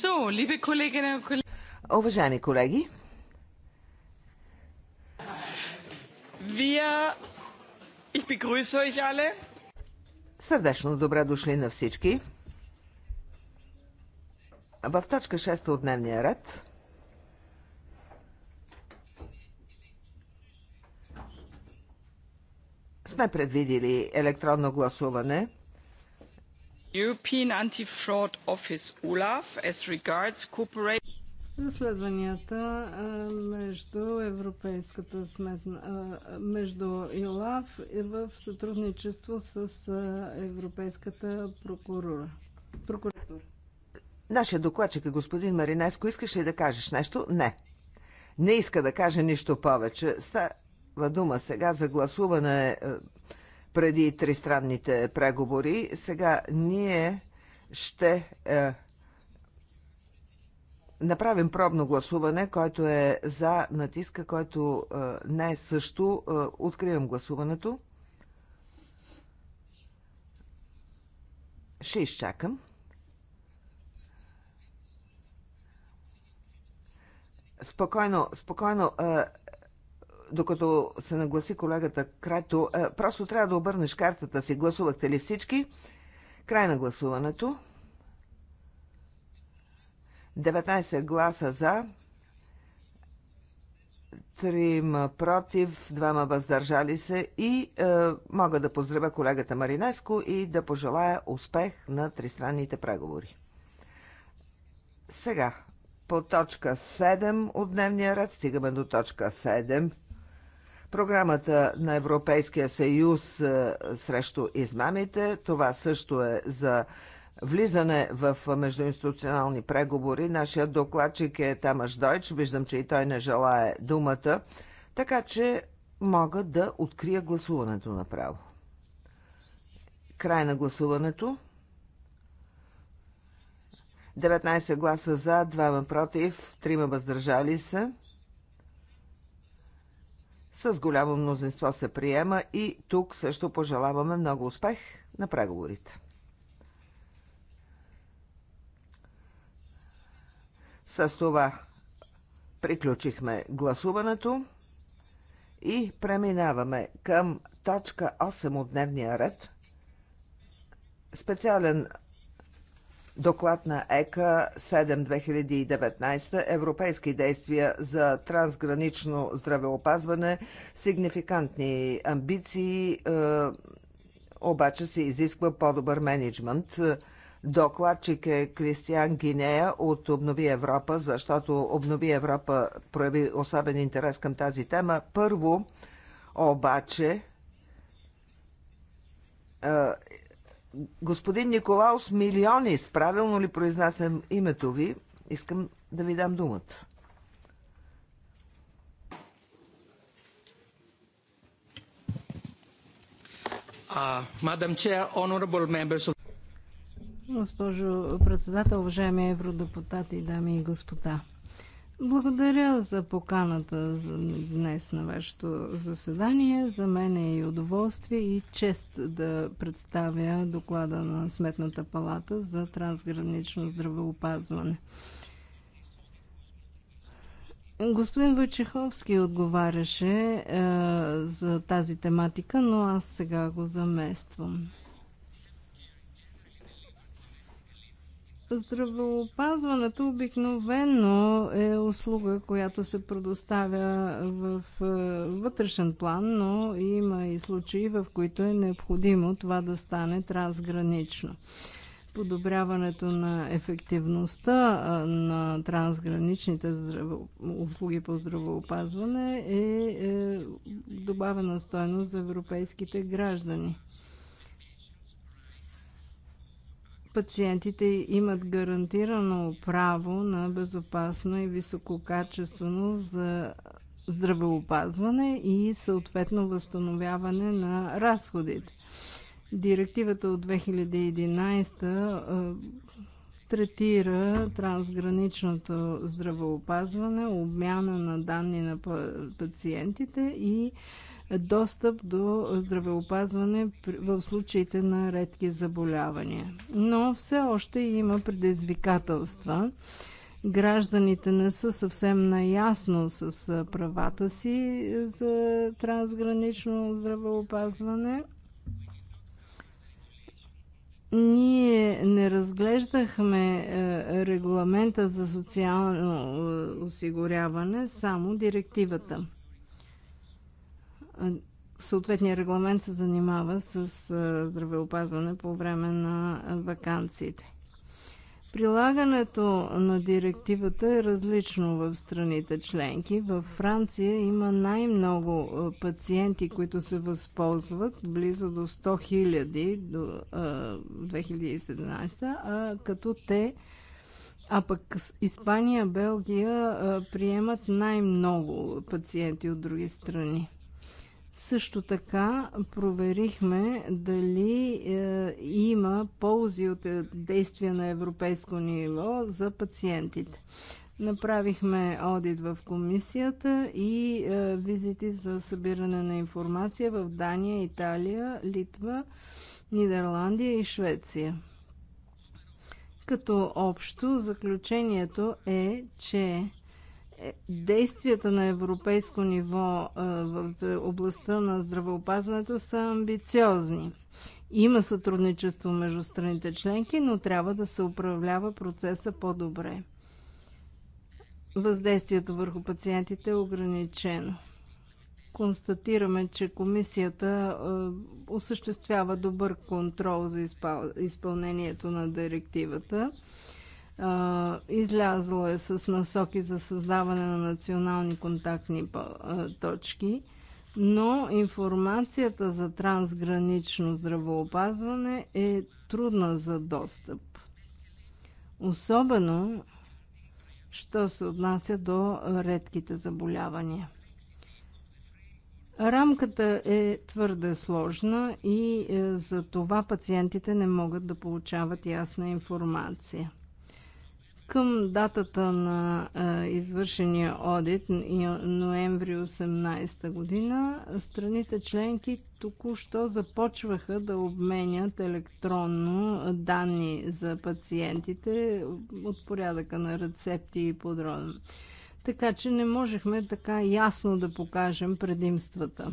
So, liebe Kolleginnen und Kollegen. Уважаеми колеги, Wir... Ich begrüße euch alle. Сърдечно добре дошли на всички. В точка 6 от дневния ред сме предвидили електронно гласуване – European Anti-Fraud Office OLAF as regards cooperation разследванията между Европейската сметна, между ИЛАВ и в сътрудничество с Европейската прокурора. прокуратура. Нашия докладчик е господин Маринеско. Искаш ли да кажеш нещо? Не. Не иска да каже нищо повече. Става дума сега за гласуване преди тристранните преговори. Сега ние ще е, направим пробно гласуване, който е за натиска, който е, не е също. Е, откривам гласуването. Ще изчакам. Спокойно, спокойно. Е, докато се нагласи колегата Крато, е, просто трябва да обърнеш картата си. Гласувахте ли всички? Край на гласуването. 19 гласа за, 3 против, 2 въздържали се и е, мога да поздравя колегата Маринеско и да пожелая успех на тристранните преговори. Сега, по точка 7 от дневния ред стигаме до точка 7. Програмата на Европейския съюз е, срещу измамите, това също е за влизане в междуинституционални преговори. Нашият докладчик е Тамаш Дойч. Виждам, че и той не желае думата. Така че мога да открия гласуването направо. Край на гласуването. 19 гласа за, 2 против, 3 въздържали се с голямо мнозинство се приема и тук също пожелаваме много успех на преговорите. С това приключихме гласуването и преминаваме към точка 8 от дневния ред. Специален Доклад на ЕКА 7-2019 Европейски действия за трансгранично здравеопазване, сигнификантни амбиции, е, обаче се изисква по-добър менеджмент. Докладчик е Кристиан Гинея от Обнови Европа, защото Обнови Европа прояви особен интерес към тази тема. Първо, обаче, е, Господин Николаус Милионис, правилно ли произнасям името ви? Искам да ви дам думата. Госпожо председател, уважаеми евродепутати, дами и господа. Благодаря за поканата за днес на вашето заседание. За мен е и удоволствие и чест да представя доклада на Сметната палата за трансгранично здравеопазване. Господин Войчеховски отговаряше е, за тази тематика, но аз сега го замествам. Здравеопазването обикновено е услуга, която се предоставя в е, вътрешен план, но има и случаи, в които е необходимо това да стане трансгранично. Подобряването на ефективността на трансграничните здраво... услуги по здравеопазване е, е добавена стойност за европейските граждани. пациентите имат гарантирано право на безопасно и висококачествено за здравеопазване и съответно възстановяване на разходите. Директивата от 2011 третира трансграничното здравеопазване, обмяна на данни на пациентите и достъп до здравеопазване в случаите на редки заболявания. Но все още има предизвикателства. Гражданите не са съвсем наясно с правата си е, за трансгранично здравеопазване ние не разглеждахме е, регламента за социално е, осигуряване, само директивата съответния регламент се занимава с здравеопазване по време на вакансиите. Прилагането на директивата е различно в страните членки. Във Франция има най-много пациенти, които се възползват, близо до 100 хиляди до 2017, а като те, а пък Испания, Белгия приемат най-много пациенти от други страни. Също така проверихме дали е, има ползи от е, действия на европейско ниво за пациентите. Направихме одит в комисията и е, визити за събиране на информация в Дания, Италия, Литва, Нидерландия и Швеция. Като общо заключението е, че е, действията на европейско ниво е, в областта на здравеопазването са амбициозни. Има сътрудничество между страните членки, но трябва да се управлява процеса по-добре. Въздействието върху пациентите е ограничено. Констатираме, че комисията е, осъществява добър контрол за изпълнението на директивата Излязло е с насоки за създаване на национални контактни точки, но информацията за трансгранично здравоопазване е трудна за достъп. Особено, що се отнася до редките заболявания. Рамката е твърде сложна и е, за това пациентите не могат да получават ясна информация. Към датата на а, извършения одит, ноември 18 година, страните членки току-що започваха да обменят електронно данни за пациентите от порядъка на рецепти и подробно. Така че не можехме така ясно да покажем предимствата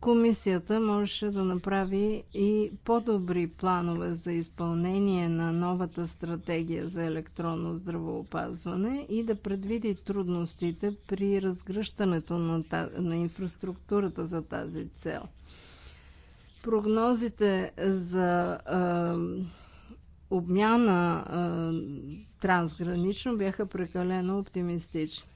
комисията можеше да направи и по-добри планове за изпълнение на новата стратегия за електронно здравоопазване и да предвиди трудностите при разгръщането на, на инфраструктурата за тази цел. Прогнозите за е, обмяна е, трансгранично бяха прекалено оптимистични.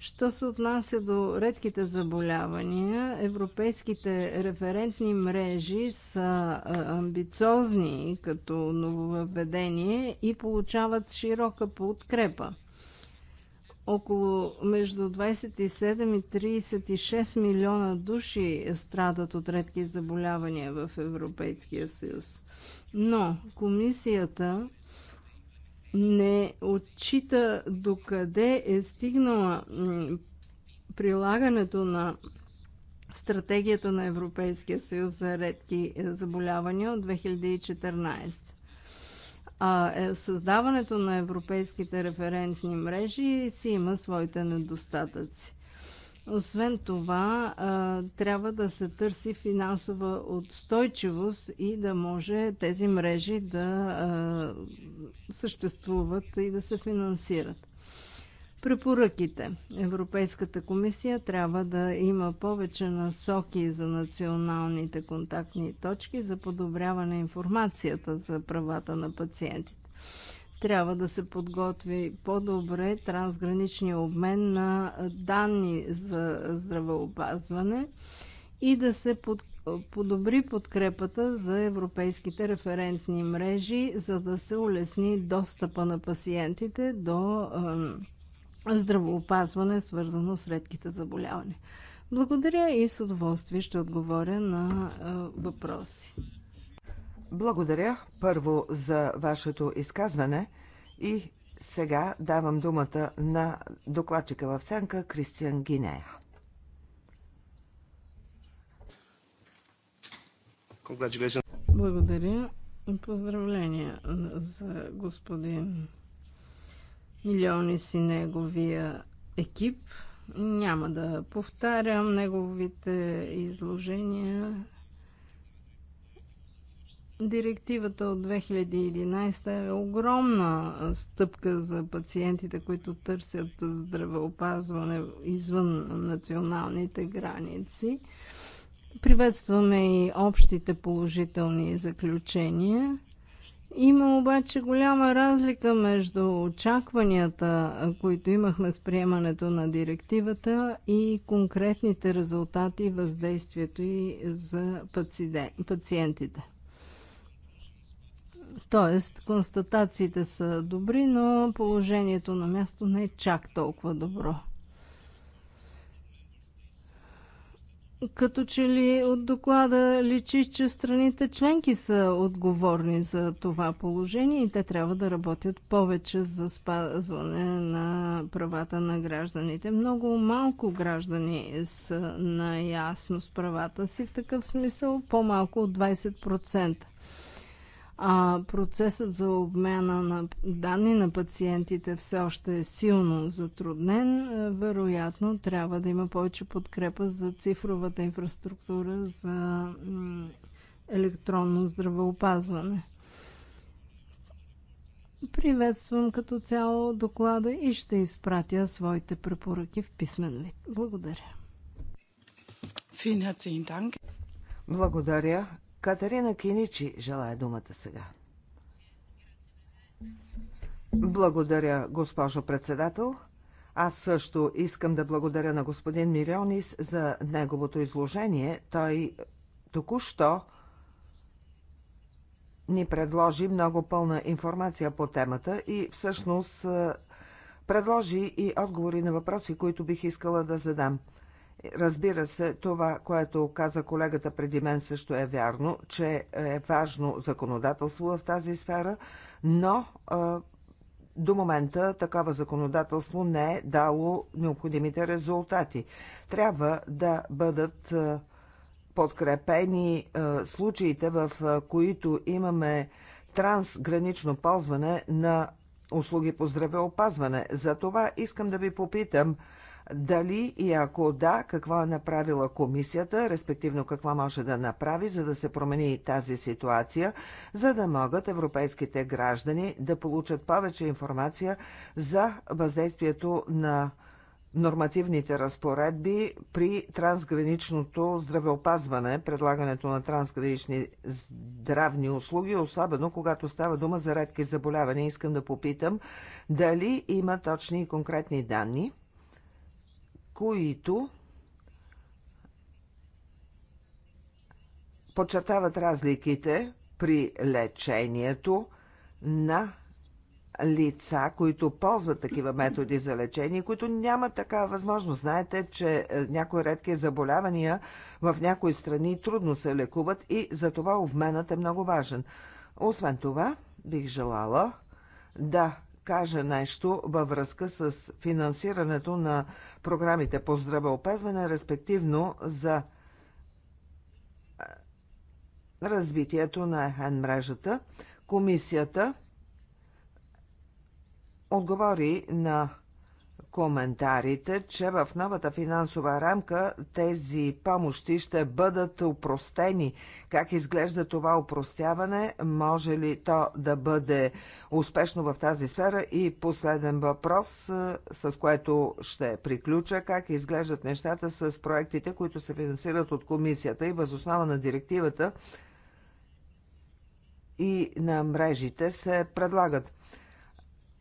Що се отнася до редките заболявания, европейските референтни мрежи са амбициозни като нововъведение и получават широка подкрепа. Около между 27 и 36 милиона души страдат от редки заболявания в Европейския съюз. Но комисията не отчита докъде е стигнала прилагането на стратегията на Европейския съюз за редки е, заболявания от 2014. А е, създаването на европейските референтни мрежи си има своите недостатъци. Освен това, трябва да се търси финансова отстойчивост и да може тези мрежи да съществуват и да се финансират. Препоръките. Европейската комисия трябва да има повече насоки за националните контактни точки за подобряване информацията за правата на пациентите. Трябва да се подготви по-добре трансграничния обмен на данни за здравеопазване и да се под, подобри подкрепата за европейските референтни мрежи, за да се улесни достъпа на пациентите до е, здравоопазване, свързано с редките заболявания. Благодаря и с удоволствие ще отговоря на е, въпроси. Благодаря първо за вашето изказване и сега давам думата на докладчика в сянка Кристиан Гинея. Благодаря. Поздравления за господин Милиони си неговия екип. Няма да повтарям неговите изложения. Директивата от 2011 е огромна стъпка за пациентите, които търсят здравеопазване извън националните граници. Приветстваме и общите положителни заключения. Има обаче голяма разлика между очакванията, които имахме с приемането на директивата и конкретните резултати и въздействието и за пациентите. Тоест, констатациите са добри, но положението на място не е чак толкова добро. Като че ли от доклада личи, че страните членки са отговорни за това положение и те трябва да работят повече за спазване на правата на гражданите. Много малко граждани са наясно с правата си, в такъв смисъл по-малко от 20% а процесът за обмяна на данни на пациентите все още е силно затруднен, е, вероятно трябва да има повече подкрепа за цифровата инфраструктура за електронно здравеопазване. Приветствам като цяло доклада и ще изпратя своите препоръки в писмен вид. Благодаря. Благодаря. Катерина Киничи желая думата сега. Благодаря, госпожо председател. Аз също искам да благодаря на господин Мирионис за неговото изложение. Той току-що ни предложи много пълна информация по темата и всъщност предложи и отговори на въпроси, които бих искала да задам. Разбира се, това, което каза колегата преди мен също е вярно, че е важно законодателство в тази сфера, но до момента такова законодателство не е дало необходимите резултати. Трябва да бъдат подкрепени случаите, в които имаме трансгранично ползване на услуги по здравеопазване. За това искам да ви попитам дали и ако да, какво е направила комисията, респективно какво може да направи, за да се промени тази ситуация, за да могат европейските граждани да получат повече информация за въздействието на нормативните разпоредби при трансграничното здравеопазване, предлагането на трансгранични здравни услуги, особено когато става дума за редки заболявания. Искам да попитам дали има точни и конкретни данни – които подчертават разликите при лечението на лица, които ползват такива методи за лечение, които нямат такава възможност. Знаете, че е, някои редки заболявания в някои страни трудно се лекуват и за това обменът е много важен. Освен това, бих желала да кажа нещо във връзка с финансирането на програмите по здравеопазване, респективно за развитието на ЕХН мрежата. Комисията отговори на коментарите, че в новата финансова рамка тези помощи ще бъдат упростени. Как изглежда това упростяване? Може ли то да бъде успешно в тази сфера? И последен въпрос, е, с което ще приключа. Как изглеждат нещата с проектите, които се финансират от комисията и възоснова на директивата и на мрежите се предлагат?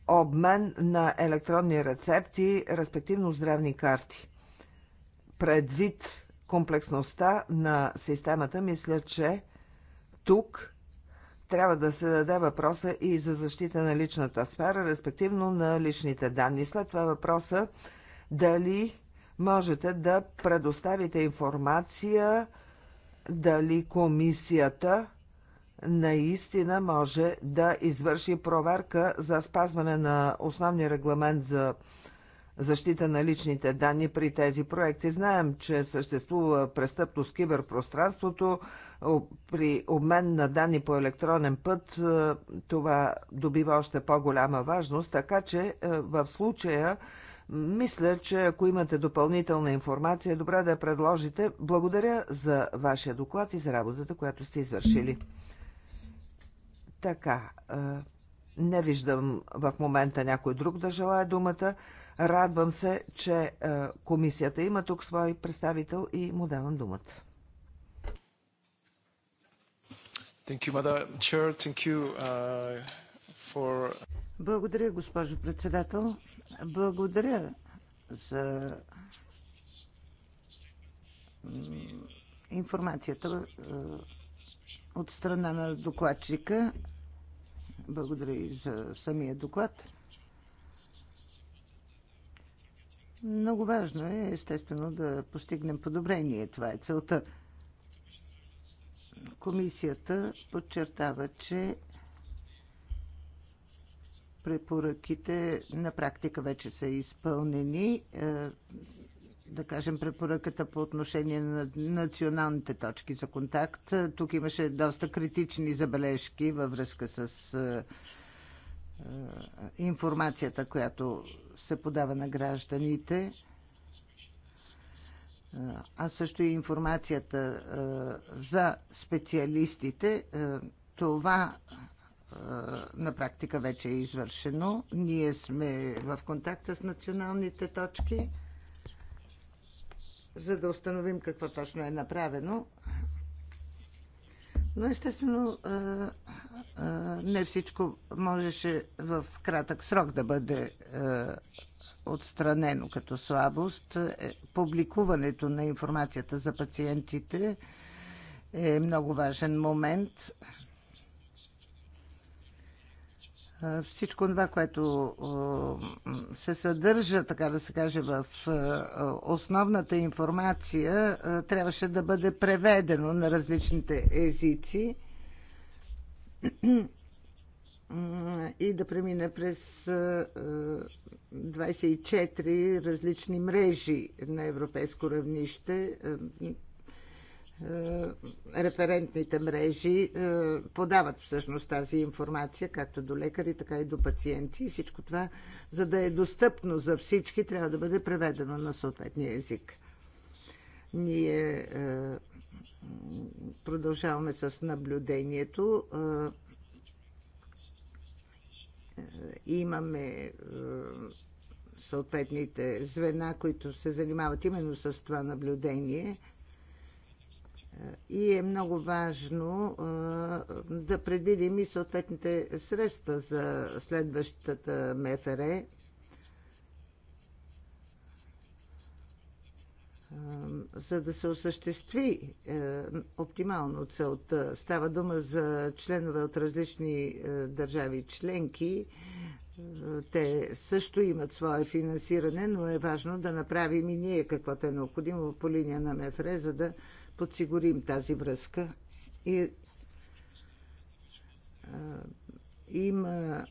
обмен на електронни рецепти, респективно здравни карти. Предвид комплексността на системата, мисля, че тук трябва да се даде въпроса и за защита на личната сфера, респективно на личните данни. След това въпроса дали можете да предоставите информация дали комисията наистина може да извърши проверка за спазване на основния регламент за защита на личните данни при тези проекти. Знаем, че съществува престъпност в киберпространството при обмен на данни по електронен път. Е, това добива още по-голяма важност, така че е, в случая мисля, че ако имате допълнителна информация, е добре да я предложите. Благодаря за вашия доклад и за работата, която сте извършили. Така, не виждам в момента някой друг да желая думата. Радвам се, че комисията има тук свой представител и му давам думата. Uh, Благодаря, госпожо председател. Благодаря за информацията от страна на докладчика. Благодаря и за самия доклад. Много важно е, естествено, да постигнем подобрение. Това е целта. Комисията подчертава, че препоръките на практика вече са изпълнени. Е, да кажем, препоръката по отношение на националните точки за контакт. Тук имаше доста критични забележки във връзка с е, е, информацията, която се подава на гражданите, е, а също и информацията за специалистите. Това на практика вече е извършено. Ние сме в контакт с националните точки за да установим какво точно е направено. Но естествено не всичко можеше в кратък срок да бъде отстранено като слабост. Е, публикуването на информацията за пациентите е много важен момент – всичко това, което се съдържа, така да се каже, в основната информация, трябваше да бъде преведено на различните езици и да премине през 24 различни мрежи на европейско равнище. Е, референтните мрежи е, подават всъщност тази информация, както до лекари, така и до пациенти. И всичко това, за да е достъпно за всички, трябва да бъде преведено на съответния език. Ние е, продължаваме с наблюдението. Имаме съответните звена, които се занимават именно с това наблюдение – и е много важно да предвидим и съответните средства за следващата МФР. за да се осъществи оптимално целта. Става дума за членове от различни държави членки. Те също имат свое финансиране, но е важно да направим и ние каквото е необходимо по линия на МФР, за да подсигурим тази връзка. И, а, има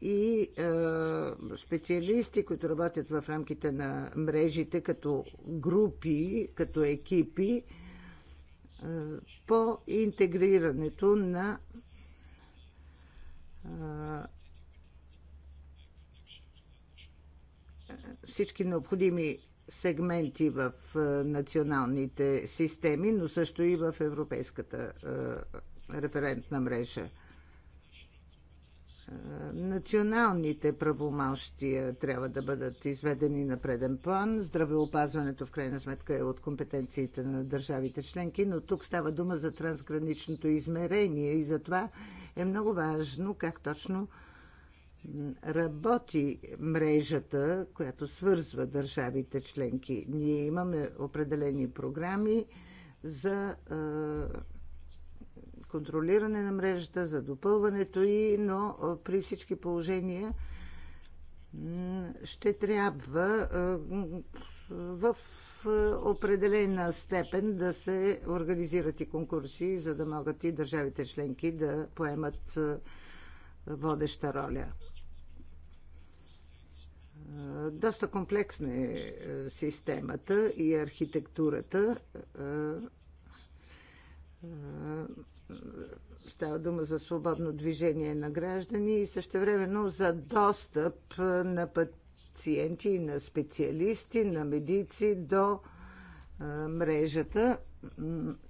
и а, специалисти, които работят в рамките на мрежите като групи, като екипи а, по интегрирането на всички необходими сегменти в националните системи, но също и в европейската референтна мрежа. Националните правомощия трябва да бъдат изведени на преден план. Здравеопазването в крайна сметка е от компетенциите на държавите членки, но тук става дума за трансграничното измерение и затова е много важно как точно работи мрежата, която свързва държавите членки. Ние имаме определени програми за контролиране на мрежата, за допълването и, но при всички положения ще трябва в определена степен да се организират и конкурси, за да могат и държавите членки да поемат водеща роля. Доста комплексна е, е системата и архитектурата. Е, е, става дума за свободно движение на граждани и същевременно за достъп на пациенти, на специалисти, на медици до мрежата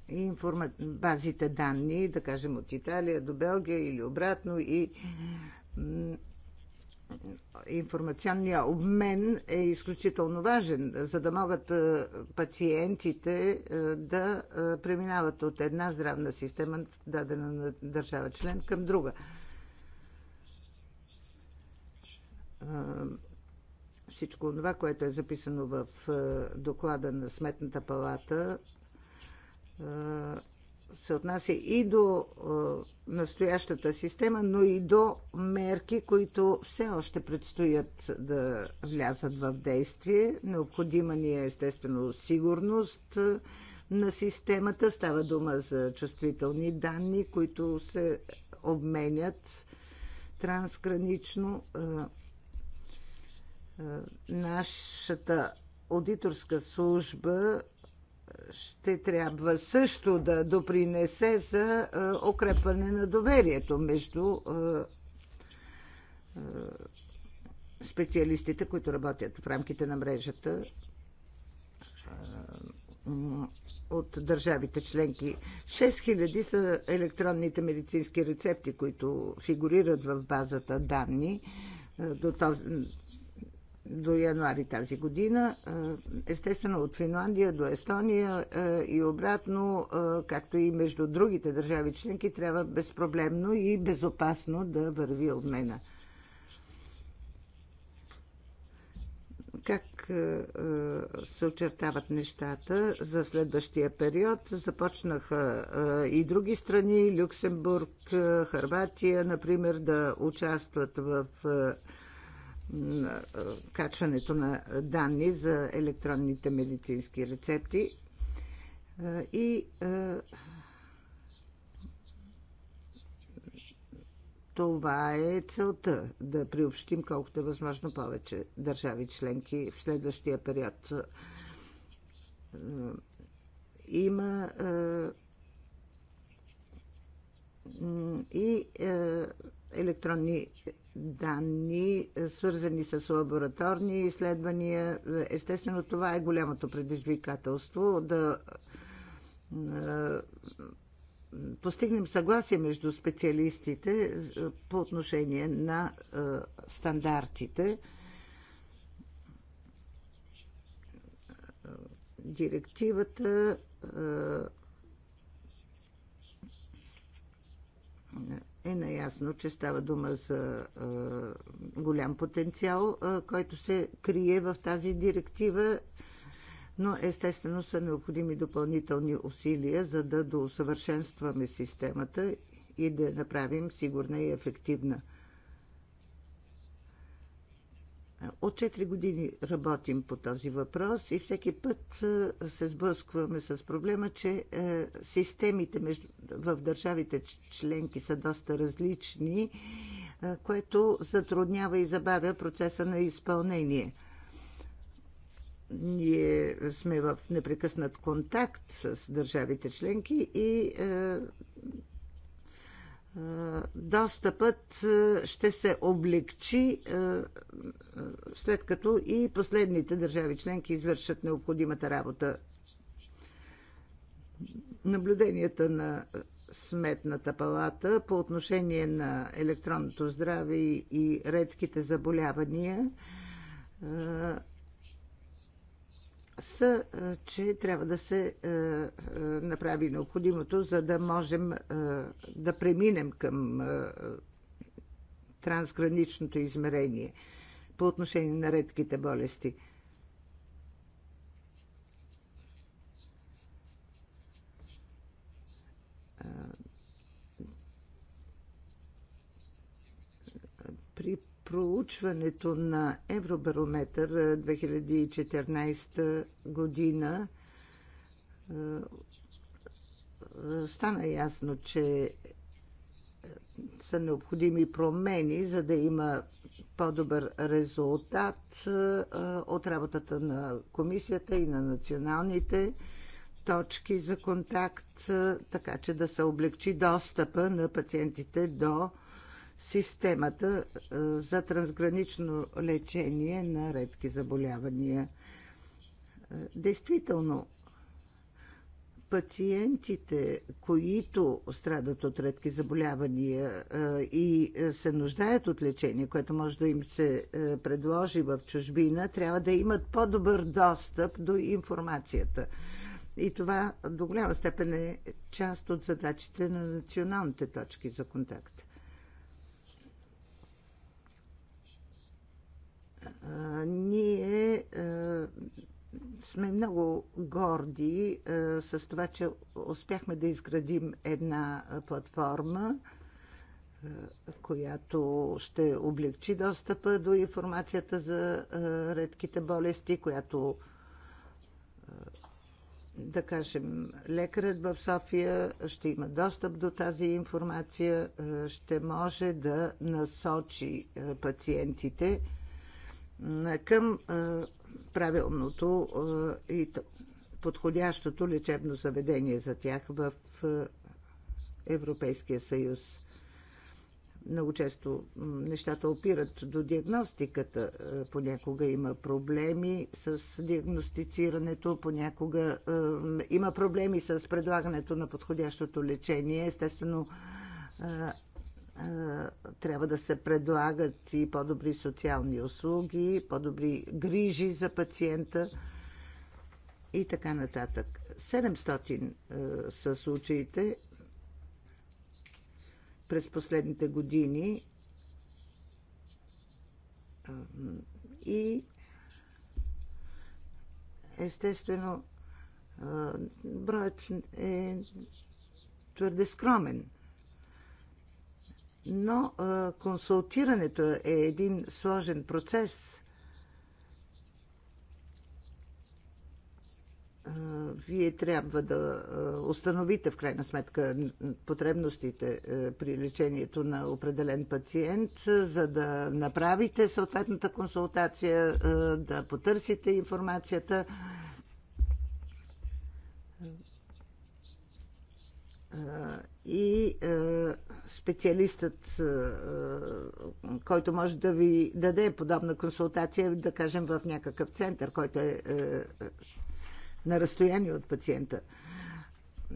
и информа... базите данни, да кажем от Италия до Белгия или обратно и информационния обмен е изключително важен, за да могат е, пациентите е, да е, преминават от една здравна система, дадена на държава член, към друга. Всичко това, което е записано в доклада на Сметната палата, се отнася и до настоящата система, но и до мерки, които все още предстоят да влязат в действие. Необходима ни е естествено сигурност на системата. Става дума за чувствителни данни, които се обменят трансгранично. Нашата аудиторска служба ще трябва също да допринесе за е, укрепване на доверието между е, е, специалистите, които работят в рамките на мрежата от държавите членки. 6000 са електронните медицински рецепти, които фигурират в базата данни до този, до януари тази година. Естествено от Финландия до Естония и обратно, както и между другите държави членки, трябва безпроблемно и безопасно да върви обмена. Как се очертават нещата за следващия период? Започнаха и други страни, Люксембург, Харватия, например, да участват в качването на данни за електронните медицински рецепти и това е целта да приобщим колкото е възможно повече държави членки в следващия период. Има и електронни данни, е, свързани с лабораторни изследвания. Естествено, това е голямото предизвикателство да е, постигнем съгласие между специалистите е, по отношение на стандартите. Директивата е наясно, че става дума за а, е, голям потенциал, а, е, който се крие в тази директива, но естествено са необходими допълнителни усилия, за да доусъвършенстваме системата и да я направим сигурна и ефективна. От 4 години работим по този въпрос и всеки път се сблъскваме с проблема, че системите в държавите членки са доста различни, което затруднява и забавя процеса на изпълнение. Ние сме в непрекъснат контакт с държавите членки и достъпът е, ще се облегчи е, е, след като и последните държави членки извършат необходимата работа. Наблюденията на Сметната палата по отношение на електронното здраве и редките заболявания са, е, че трябва да се е, е, направи необходимото, за да можем да преминем към трансграничното измерение по отношение на редките болести – проучването на Евробарометър 2014 е, година е, е, стана ясно, че са необходими промени, за да има по-добър резултат от работата на комисията и на националните точки за контакт, така че да се облегчи достъпа на пациентите до системата е, за трансгранично лечение на редки заболявания. Е, действително, пациентите, които страдат от редки заболявания е, и се нуждаят от лечение, което може да им се предложи в чужбина, трябва да имат по-добър достъп до информацията. И това до голяма степен е част от задачите на националните точки за контакт. ние сме много горди с това, че успяхме да изградим една платформа, която ще облегчи достъпа до информацията за редките болести, която да кажем, лекарът в София ще има достъп до тази информация, ще може да насочи пациентите към правилното и подходящото лечебно заведение за тях в Европейския съюз. Много често нещата опират до диагностиката. Понякога има проблеми с диагностицирането, понякога има проблеми с предлагането на подходящото лечение. Естествено, трябва да се предлагат и по-добри социални услуги, по-добри грижи за пациента и така нататък. 700 са случаите през последните години и естествено броят е твърде скромен. Но консултирането е един сложен процес. вие трябва да установите в крайна сметка потребностите при лечението на определен пациент, за да направите съответната консултация, да потърсите информацията и е, специалистът, е, е, който може да ви даде подобна консултация, да кажем в някакъв център, който е, е на разстояние от пациента. Е,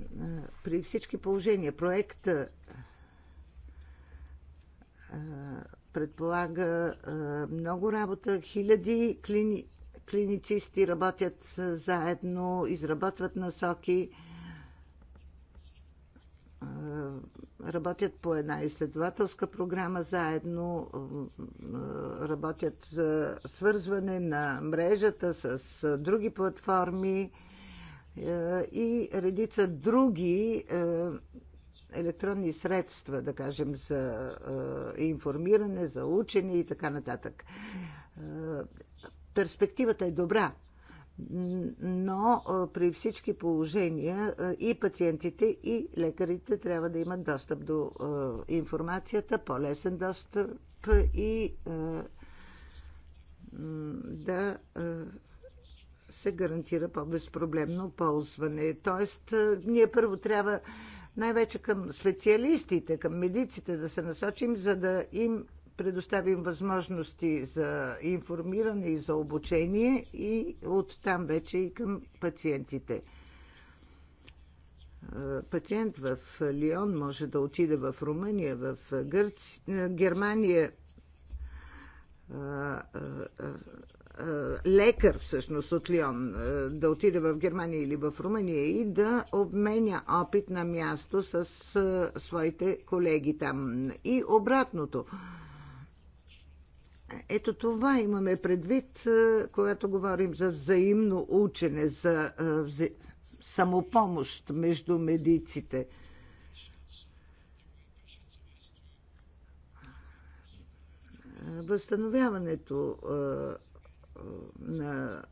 при всички положения проекта е, предполага много работа. Хиляди клини, клиницисти работят заедно, изработват насоки е, работят по една изследователска програма заедно, е, е, работят за свързване на мрежата с други платформи и редица други електронни средства, да кажем, за информиране, за учене и така нататък. Перспективата е добра но при всички положения и пациентите, и лекарите трябва да имат достъп до информацията, по-лесен достъп и да се гарантира по-безпроблемно ползване. Тоест, ние първо трябва най-вече към специалистите, към медиците да се насочим, за да им предоставим възможности за информиране и за обучение и оттам вече и към пациентите. Пациент в Лион може да отиде в Румъния, в Гърци... Германия. Лекар всъщност от Лион да отиде в Германия или в Румъния и да обменя опит на място с своите колеги там. И обратното ето това имаме предвид, е, когато говорим за взаимно учене, за е, самопомощ между медиците. Възстановяването е, на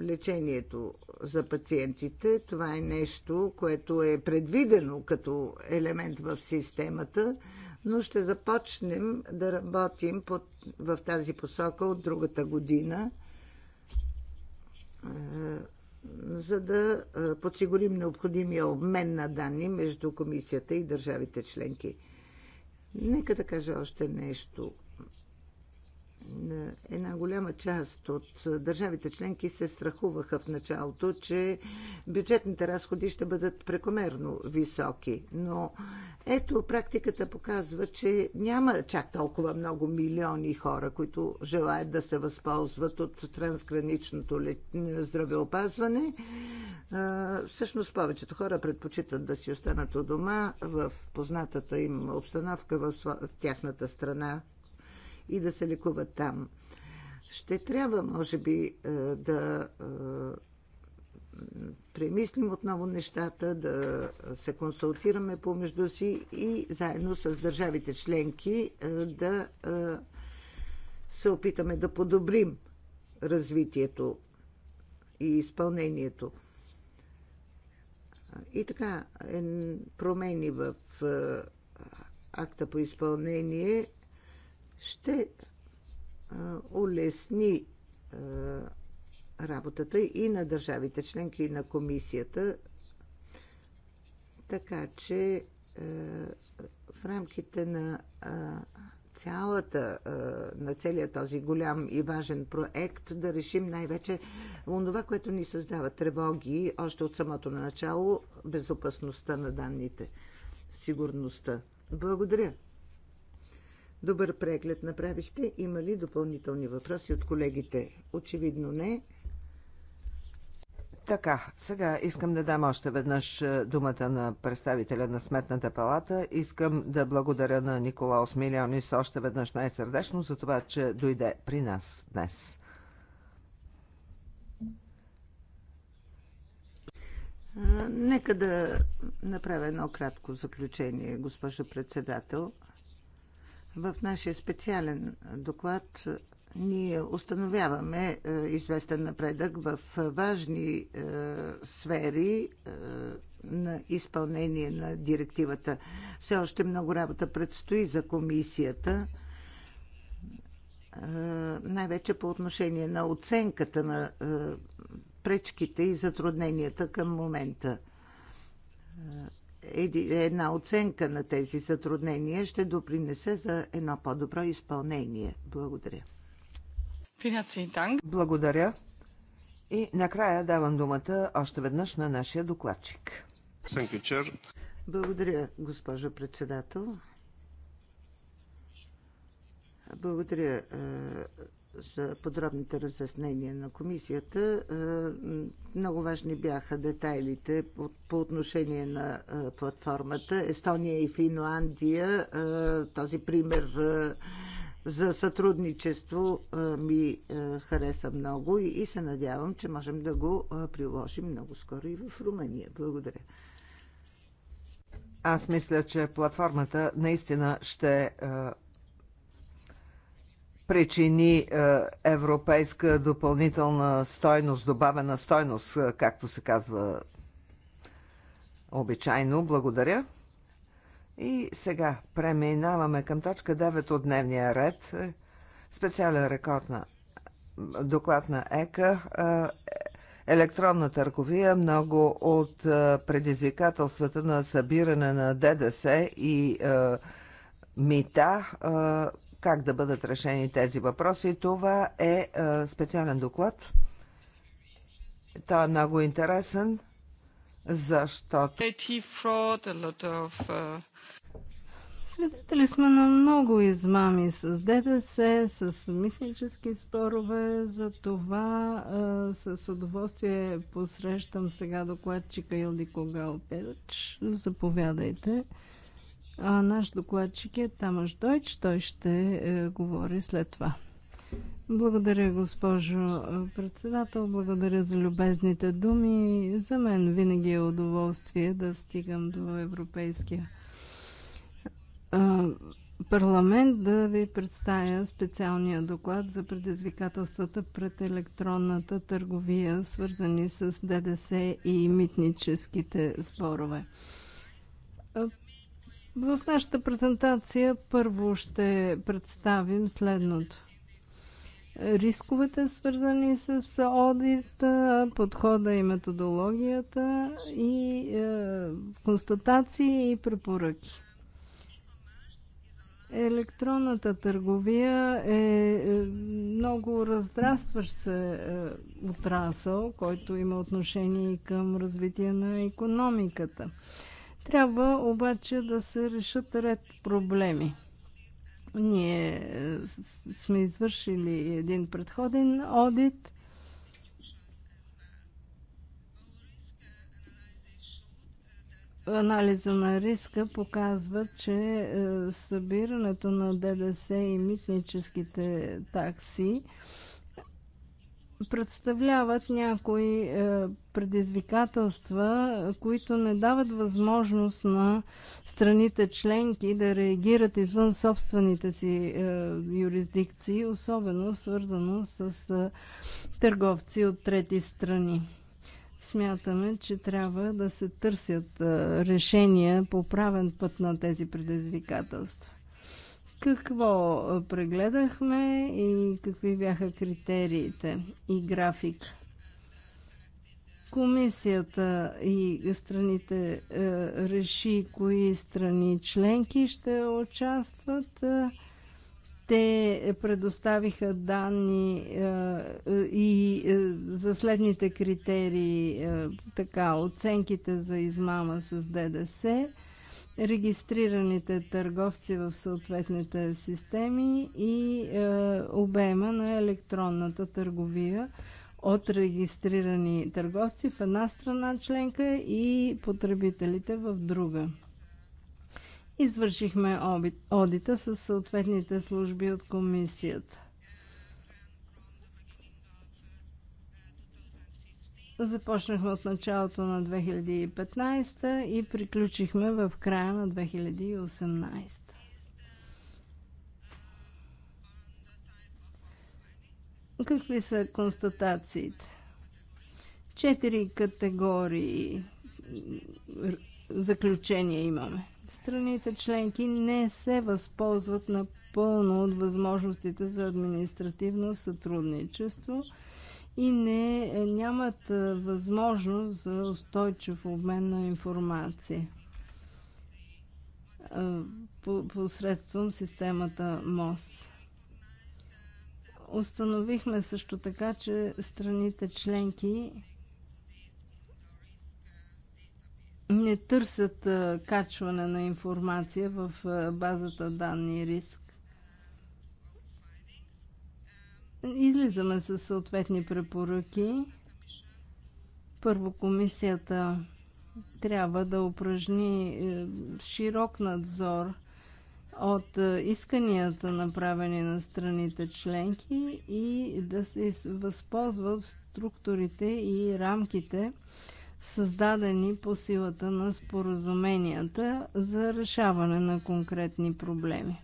лечението за пациентите, това е нещо, което е предвидено като елемент в системата – но ще започнем да работим под, в тази посока от другата година, е, за да е, подсигурим необходимия обмен на данни между комисията и държавите членки. Нека да кажа още нещо една голяма част от държавите членки се страхуваха в началото, че бюджетните разходи ще бъдат прекомерно високи. Но ето, практиката показва, че няма чак толкова много милиони хора, които желаят да се възползват от трансграничното здравеопазване. Всъщност повечето хора предпочитат да си останат у дома в познатата им обстановка в тяхната страна и да се лекуват там. Ще трябва, може би, е, да е, премислим отново нещата, да се консултираме помежду си и заедно с държавите членки е, да се опитаме да подобрим развитието и изпълнението. И така, промени в акта по изпълнение ще улесни работата и на държавите членки, и на комисията, така че в рамките на цялата, на целия този голям и важен проект да решим най-вече това, което ни създава тревоги още от самото начало, безопасността на данните, сигурността. Благодаря. Добър преглед направихте. Има ли допълнителни въпроси от колегите? Очевидно не. Така, сега искам да дам още веднъж е, думата на представителя на Сметната палата. Искам да благодаря на Николаос Милионис още веднъж най-сърдечно за това, че дойде при нас днес. Е, нека да направя едно кратко заключение, госпожо председател. В нашия специален доклад ние установяваме е, известен напредък в важни е, сфери е, на изпълнение на директивата. Все още много работа предстои за комисията, най-вече по отношение на оценката на пречките и затрудненията към момента една оценка на тези затруднения ще допринесе за едно по-добро изпълнение. Благодаря. Благодаря. И накрая давам думата още веднъж на нашия докладчик. Благодаря, госпожо председател. Благодаря е, за подробните разяснения на комисията. Е, много важни бяха детайлите по отношение на е, платформата. Естония и Финландия, е, този пример за сътрудничество ми хареса много и се надявам, че можем да го приложим много скоро и в Румъния. Благодаря. Аз мисля, че платформата наистина ще причини е, европейска допълнителна стойност, добавена стойност, е, както се казва обичайно. Благодаря. И сега преминаваме към точка 9 от дневния ред. Е, специален рекорд на доклад на ЕКА. Електронна търговия, много от предизвикателствата на събиране на ДДС и мита как да бъдат решени тези въпроси. Това е, е специален доклад. Той е много интересен, защото... Е, Свидетели сме на много измами с ДДС, с митнически спорове. За това е, с удоволствие посрещам сега докладчика Илдико Галпеч. Заповядайте. Заповядайте. А наш докладчик е Тамаш Дойч. Той ще е, говори след това. Благодаря, госпожо е, председател. Благодаря за любезните думи. За мен винаги е удоволствие да стигам до Европейския парламент да ви представя специалния доклад за предизвикателствата пред електронната търговия, свързани с ДДС и митническите спорове. В нашата презентация първо ще представим следното. Рисковете свързани с одита, подхода и методологията и е, констатации и препоръки. Електронната търговия е, е много разрастващ се е, отрасъл, който има отношение и към развитие на економиката. Трябва обаче да се решат ред проблеми. Ние е, сме извършили един предходен одит. Анализа на риска показва, че е, събирането на ДДС и митническите такси представляват някои е, предизвикателства, които не дават възможност на страните членки да реагират извън собствените си е, юрисдикции, особено свързано с е, търговци от трети страни. Смятаме, че трябва да се търсят решения по правен път на тези предизвикателства. Какво прегледахме и какви бяха критериите и график? Комисията и страните е, реши кои страни членки ще участват. Те предоставиха данни е, и е, за следните критерии, е, така, оценките за измама с ДДС – регистрираните търговци в съответните системи и е, обема на електронната търговия от регистрирани търговци в една страна членка и потребителите в друга. Извършихме одита с съответните служби от комисията. Започнахме от началото на 2015 и приключихме в края на 2018. Какви са констатациите? Четири категории заключения имаме. Страните членки не се възползват напълно от възможностите за административно сътрудничество – и не, е, нямат е, възможност за устойчив обмен на информация е, посредством системата МОС. Установихме също така, че страните членки не търсят качване на информация в базата данни риск Излизаме с съответни препоръки. Първо комисията трябва да упражни е, широк надзор от е, исканията направени на страните членки и да се възползват структурите и рамките, създадени по силата на споразуменията за решаване на конкретни проблеми.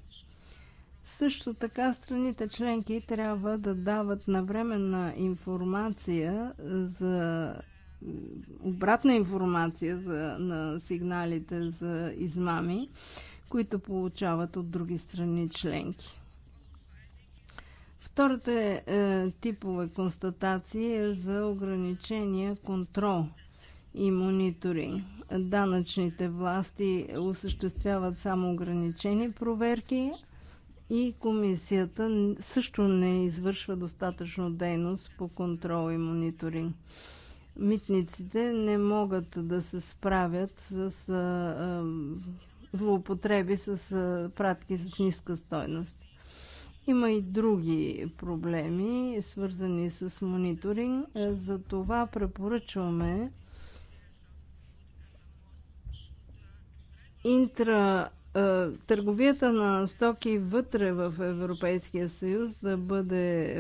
Също така страните членки трябва да дават навременна информация за обратна информация за, на сигналите за измами, които получават от други страни членки. Втората е, типове констатации е за ограничения контрол и мониторинг. Данъчните власти осъществяват само ограничени проверки, и комисията също не извършва достатъчно дейност по контрол и мониторинг. Митниците не могат да се справят с злоупотреби с пратки с ниска стойност. Има и други проблеми, свързани с мониторинг. Е, за това препоръчваме интра е, търговията на стоки вътре в Европейския съюз да бъде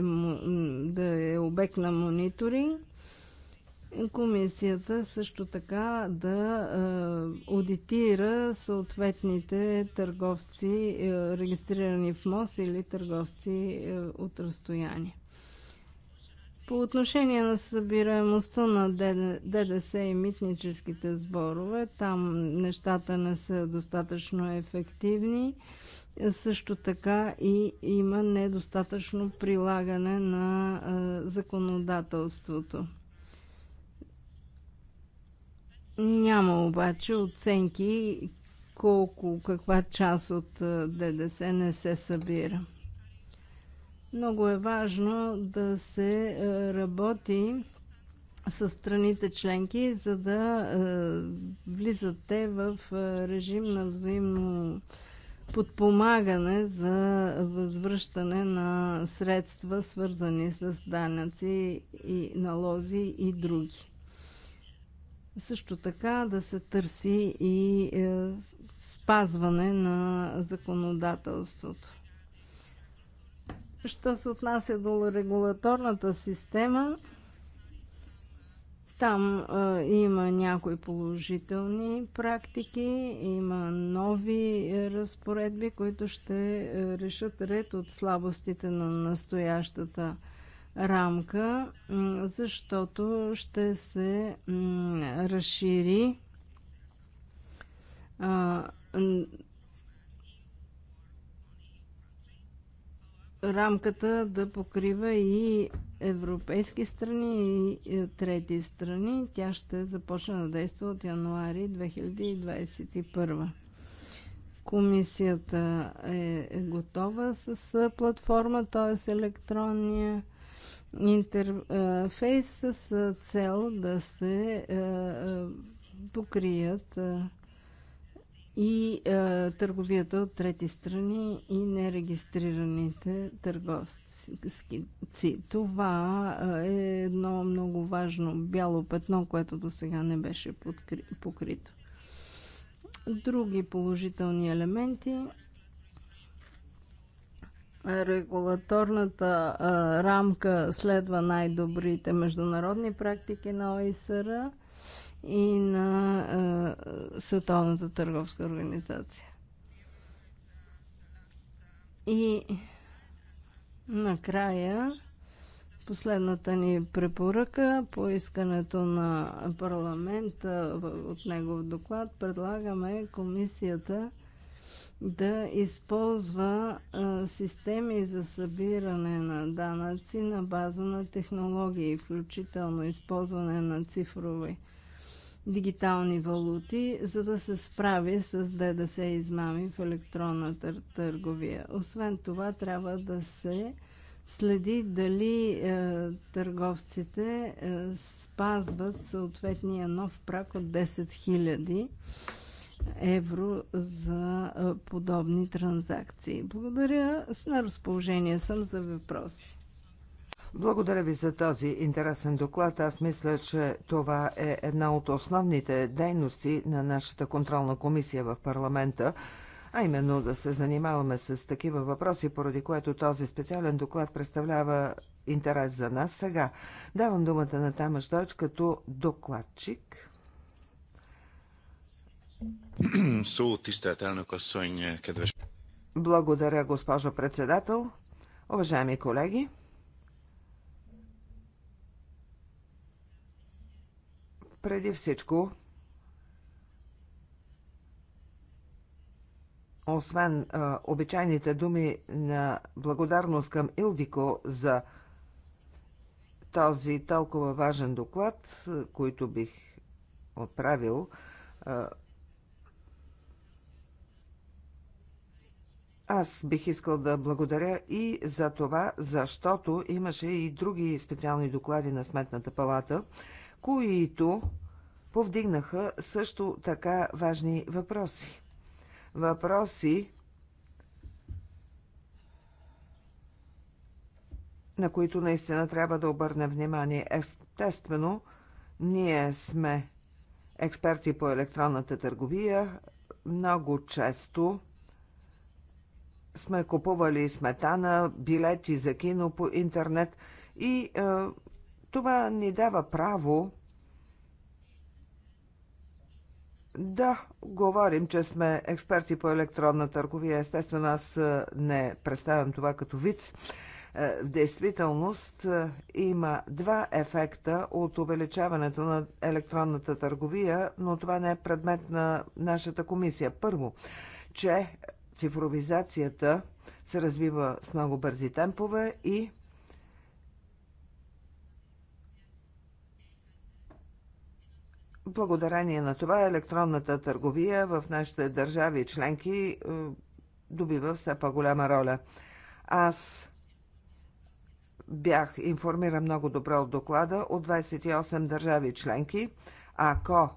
да е обект на мониторинг. Комисията също така да е, аудитира съответните търговци, е, регистрирани в МОС или търговци от разстояние. По отношение на събираемостта на ДДС и митническите сборове, там нещата не са достатъчно ефективни. Също така и има недостатъчно прилагане на законодателството. Няма обаче оценки колко, каква част от ДДС не се събира. Много е важно да се е, работи с страните членки, за да е, влизат те в е, режим на взаимно подпомагане за възвръщане на средства, свързани с данъци и налози и други. Също така да се търси и спазване на законодателството. Що се отнася до регулаторната система, там а, има някои положителни практики, има нови е, разпоредби, които ще е, решат ред от слабостите на настоящата рамка, защото ще се разшири а, рамката да покрива и европейски страни и е, трети страни. Тя ще започне да действа от януари 2021. Комисията е готова с е, платформа, т.е. електронния интерфейс с е, цел да се покрият и е, търговията от трети страни и нерегистрираните търговци. Това е едно много важно бяло петно, което до сега не беше подкри... покрито. Други положителни елементи регулаторната а, е, рамка следва най-добрите международни практики на ОИСР и на Световната търговска организация. И накрая последната ни препоръка по искането на парламента от негов доклад предлагаме комисията да използва а, системи за събиране на данъци на база на технологии, включително използване на цифрови дигитални валути, за да се справи с ДДС измами в електронната търговия. Освен това, трябва да се следи дали е, търговците е, спазват съответния нов прак от 10 000 евро за е, подобни транзакции. Благодаря. На разположение съм за въпроси. Благодаря ви за този интересен доклад. Аз мисля, че това е една от основните дейности на нашата контролна комисия в парламента а именно да се занимаваме с такива въпроси, поради което този специален доклад представлява интерес за нас. Сега давам думата на Тамаш Дойч като докладчик. Благодаря, госпожо председател. Уважаеми колеги, Преди всичко, освен а, обичайните думи на благодарност към Илдико за този толкова важен доклад, който бих отправил, а, Аз бих искал да благодаря и за това, защото имаше и други специални доклади на Сметната палата, които повдигнаха също така важни въпроси. Въпроси, на които наистина трябва да обърнем внимание. Естествено, ние сме експерти по електронната търговия. Много често сме купували сметана, билети за кино по интернет и е, това ни дава право да говорим, че сме експерти по електронна търговия. Естествено, аз е, не представям това като вид. Е, в действителност е, има два ефекта от увеличаването на електронната търговия, но това не е предмет на нашата комисия. Първо, че цифровизацията се развива с много бързи темпове и Благодарение на това електронната търговия в нашите държави членки е, добива все по-голяма роля. Аз бях информиран много добре от доклада от 28 държави членки. Ако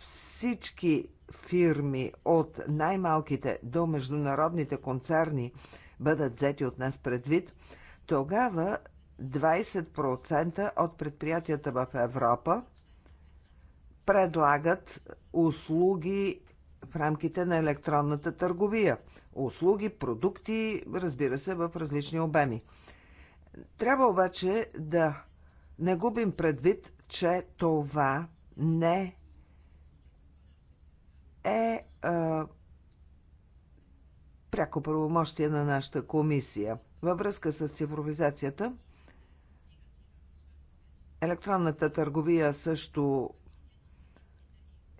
всички фирми от най-малките до международните концерни бъдат взети от нас предвид, тогава 20% от предприятията в Европа предлагат услуги в рамките на електронната търговия. Услуги, продукти, разбира се, в различни обеми. Трябва обаче да не губим предвид, че това не е а, пряко правомощие на нашата комисия. Във връзка с цифровизацията, електронната търговия също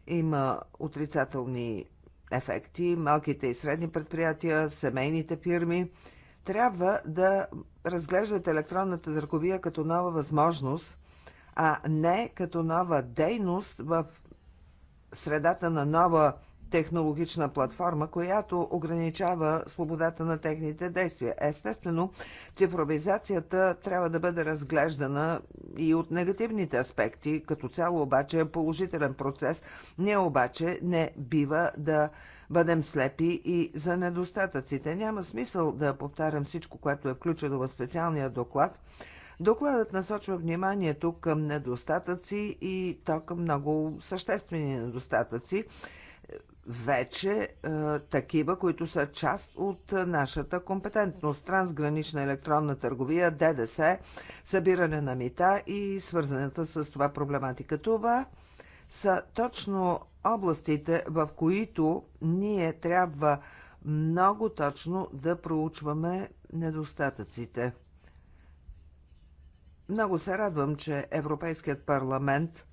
има отрицателни ефекти. Малките и средни предприятия, семейните фирми трябва да разглеждат електронната търговия като нова възможност, а не като нова дейност в средата на нова технологична платформа, която ограничава свободата на техните действия. Естествено, цифровизацията трябва да бъде разглеждана и от негативните аспекти, като цяло обаче е положителен процес. Ние обаче не бива да бъдем слепи и за недостатъците. Няма смисъл да повтарям всичко, което е включено в специалния доклад. Докладът насочва вниманието към недостатъци и то към много съществени недостатъци вече е, такива, които са част от нашата компетентност. Трансгранична електронна търговия, ДДС, събиране на мита и свързаната с това проблематика. Това са точно областите, в които ние трябва много точно да проучваме недостатъците. Много се радвам, че Европейският парламент –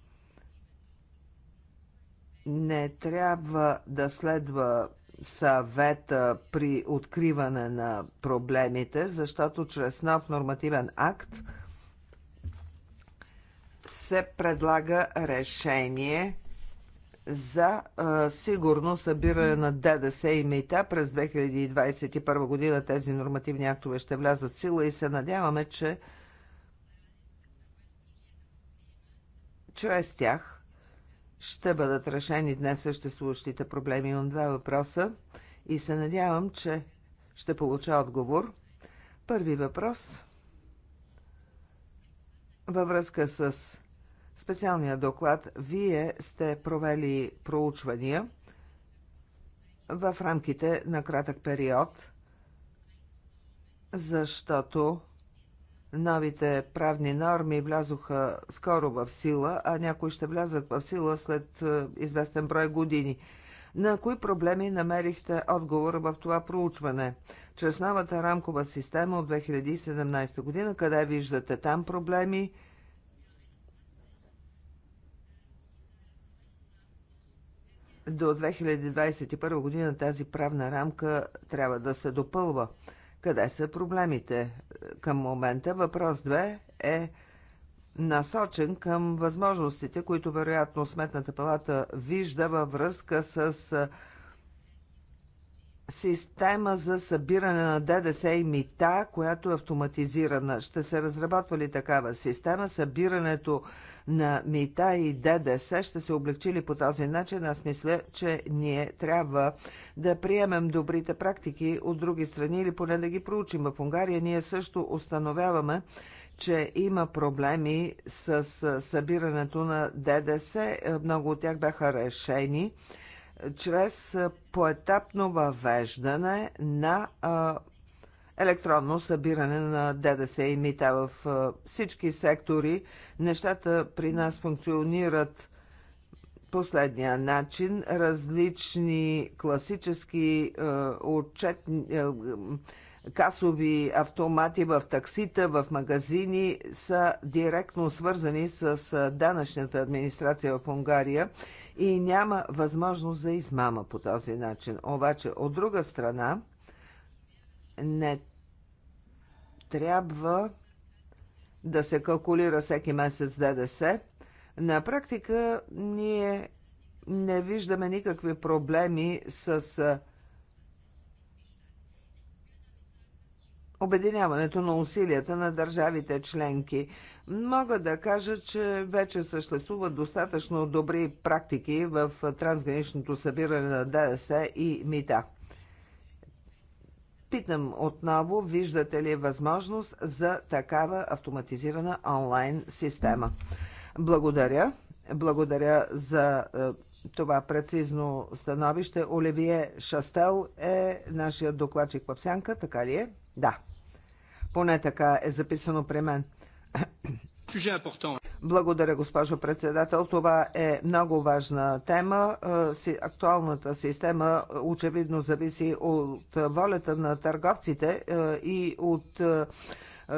не трябва да следва съвета при откриване на проблемите, защото чрез нов нормативен акт се предлага решение за а, сигурно събиране на ДДС и мита през 2021 година. Тези нормативни актове ще влязат в сила и се надяваме, че чрез тях ще бъдат решени днес съществуващите проблеми. Имам два въпроса и се надявам, че ще получа отговор. Първи въпрос във връзка с специалния доклад. Вие сте провели проучвания в рамките на кратък период, защото Новите правни норми влязоха скоро в сила, а някои ще влязат в сила след е, известен брой години. На кои проблеми намерихте отговор в това проучване? Чрез новата рамкова система от 2017 година, къде виждате там проблеми? До 2021 година тази правна рамка трябва да се допълва къде са проблемите към момента. Въпрос 2 е насочен към възможностите, които вероятно Сметната палата вижда във връзка с система за събиране на ДДС и мита, която е автоматизирана. Ще се разработва ли такава система? Събирането на мита и ДДС ще се облегчи ли по този начин? Аз мисля, че ние трябва да приемем добрите практики от други страни или поне да ги проучим. В Унгария ние също установяваме, че има проблеми с събирането на ДДС. Много от тях бяха решени чрез поетапно въвеждане на електронно събиране на ДДС и мита в всички сектори. Нещата при нас функционират последния начин. Различни класически отчет, касови автомати в таксита, в магазини са директно свързани с данъчната администрация в Унгария и няма възможност за измама по този начин. Обаче, от друга страна, не трябва да се калкулира всеки месец ДДС. На практика ние не виждаме никакви проблеми с обединяването на усилията на държавите членки. Мога да кажа, че вече съществуват достатъчно добри практики в трансграничното събиране на ДДС и МИТА. Питам отново, виждате ли възможност за такава автоматизирана онлайн система? Благодаря. Благодаря за е, това прецизно становище. Оливие Шастел е нашия докладчик в Сянка, така ли е? Да. Поне така е записано при мен. Благодаря, госпожо председател. Това е много важна тема. Е, актуалната система очевидно зависи от волята на търговците е, и от е,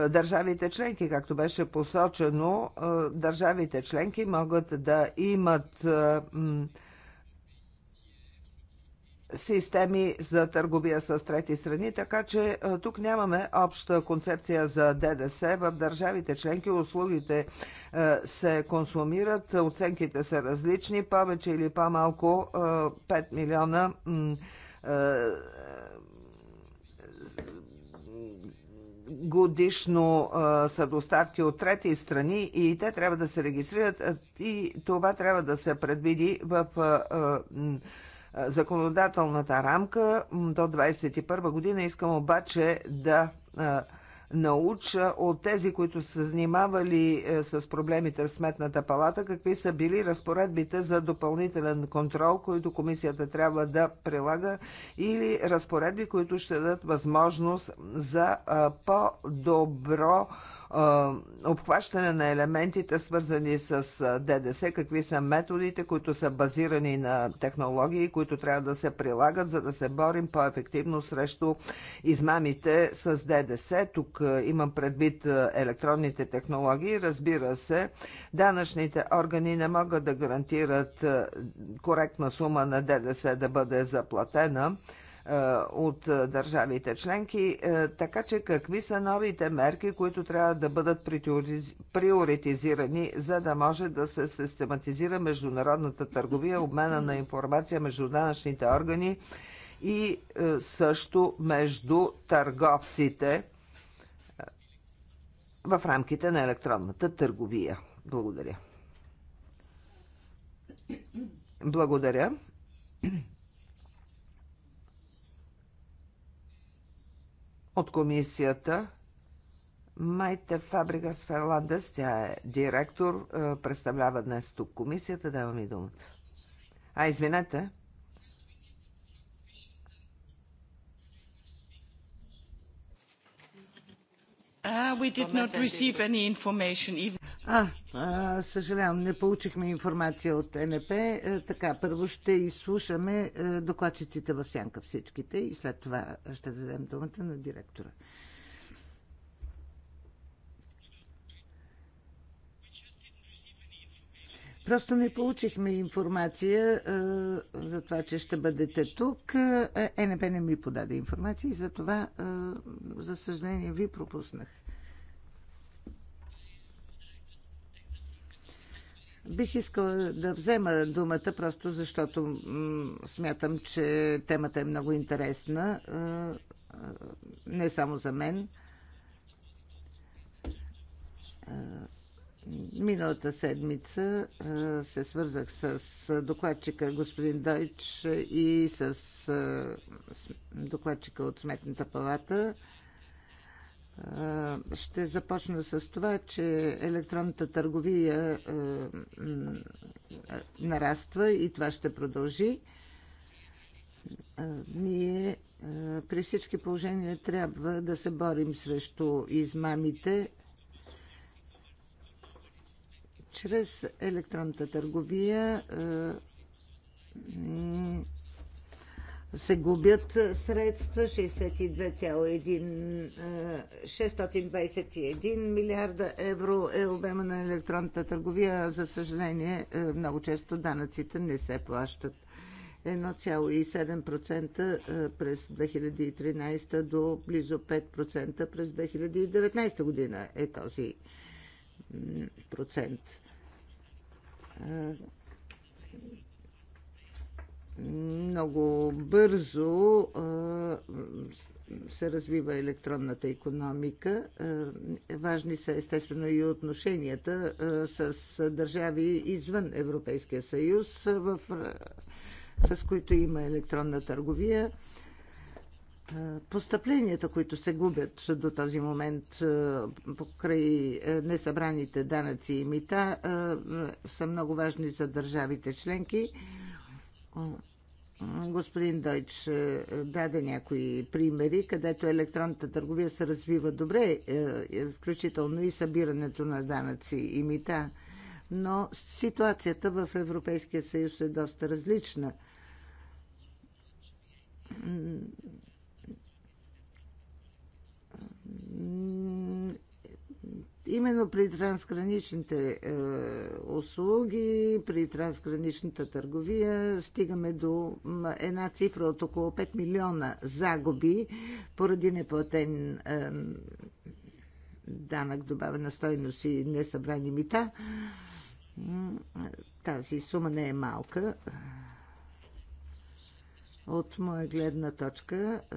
държавите членки, както беше посочено. Държавите членки могат да имат системи за търговия с трети страни, така че е, тук нямаме обща концепция за ДДС. В държавите членки услугите е, се консумират, оценките са различни, повече или по-малко 5 е, милиона годишно а, са доставки от трети страни и те трябва да се регистрират и това трябва да се предвиди в а, а, законодателната рамка до 2021 година. Искам обаче да науча от тези, които са занимавали е, с проблемите в Сметната палата, какви са били разпоредбите за допълнителен контрол, които комисията трябва да прилага или разпоредби, които ще дадат възможност за по-добро обхващане на елементите, свързани с ДДС, какви са методите, които са базирани на технологии, които трябва да се прилагат, за да се борим по-ефективно срещу измамите с ДДС. Тук имам предвид електронните технологии. Разбира се, данъчните органи не могат да гарантират коректна сума на ДДС да бъде заплатена. Е, от е, държавите членки. Е, така че какви са новите мерки, които трябва да бъдат приоритизирани, за да може да се систематизира международната търговия, обмена на информация между данъчните органи и също между търговците в рамките на електронната търговия. Благодаря. Благодаря. от комисията Майта Фабрига Сферландес, тя е директор, е, представлява днес тук комисията, давам и думата. А, извинете. Uh, we did not receive any information. А, а, съжалявам, не получихме информация от НП. Е, така, първо ще изслушаме е, докладчиците в сянка всичките и след това ще дадем думата на директора. Просто не получихме информация а, е, за това, че ще бъдете тук. НП не ми подаде информация и за това, а, за съжаление, ви пропуснах. Бих искала да взема думата, просто защото смятам, че темата е много интересна, не само за мен. Миналата седмица се свързах с докладчика господин Дойч и с докладчика от Сметната палата – ще започна с това, че електронната търговия нараства и това ще продължи. Ние при всички положения трябва да се борим срещу измамите чрез електронната търговия се губят средства 62,621 милиарда евро е обема на електронната търговия. За съжаление, е, много често данъците не се плащат. 1,7% през 2013 до близо 5% през 2019 година е този процент много бързо се развива електронната економика. Важни са естествено и отношенията с държави извън Европейския съюз, в, с които има електронна търговия. Постъпленията, които се губят до този момент покрай несъбраните данъци и мита, са много важни за държавите членки господин Дойч е, даде някои примери, където електронната търговия се развива добре, е, е, включително и събирането на данъци и мита. Но ситуацията в Европейския съюз е доста различна. именно при трансграничните е, услуги, при трансграничната търговия стигаме до една цифра от около 5 милиона загуби поради неплатен е, данък добавена стойност и несъбрани мита. Тази сума не е малка. От моя гледна точка е,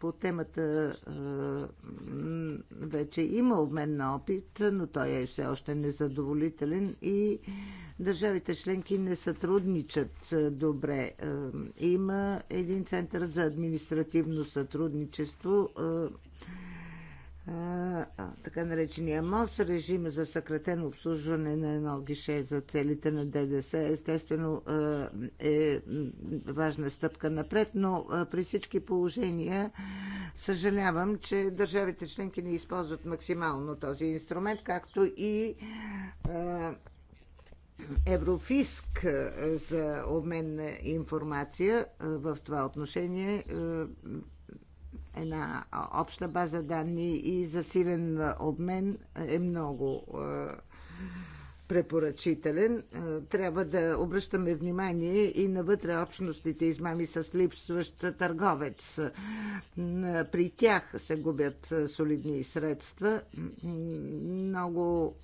по темата вече има обмен на опит, но той е все още незадоволителен и държавите членки не сътрудничат добре. Има един център за административно сътрудничество така наречения МОС, режим за съкратено обслужване на едно гише за целите на ДДС, естествено е важна стъпка напред, но при всички положения съжалявам, че държавите членки не използват максимално този инструмент, както и Еврофиск за обмен на информация в това отношение една обща база данни и засилен обмен е много препоръчителен. Трябва да обръщаме внимание и на общностите измами с липсващ търговец. При тях се губят солидни средства. Много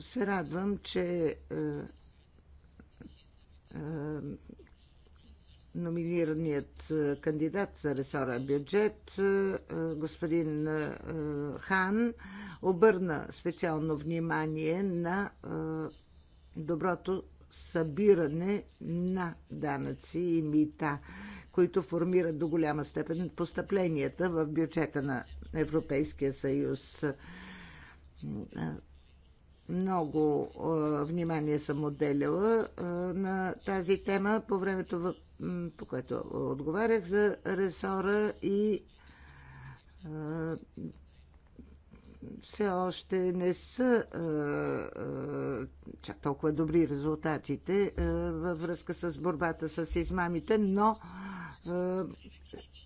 се радвам, че номинираният е, кандидат за ресора е бюджет, е, господин Хан, обърна специално внимание на доброто събиране на данъци и мита, които формират до голяма степен постъпленията в бюджета на Европейския съюз. Много внимание съм отделяла на тази тема по времето по което отговарях за ресора и все още не са чак толкова добри резултатите във връзка с борбата с измамите, но е,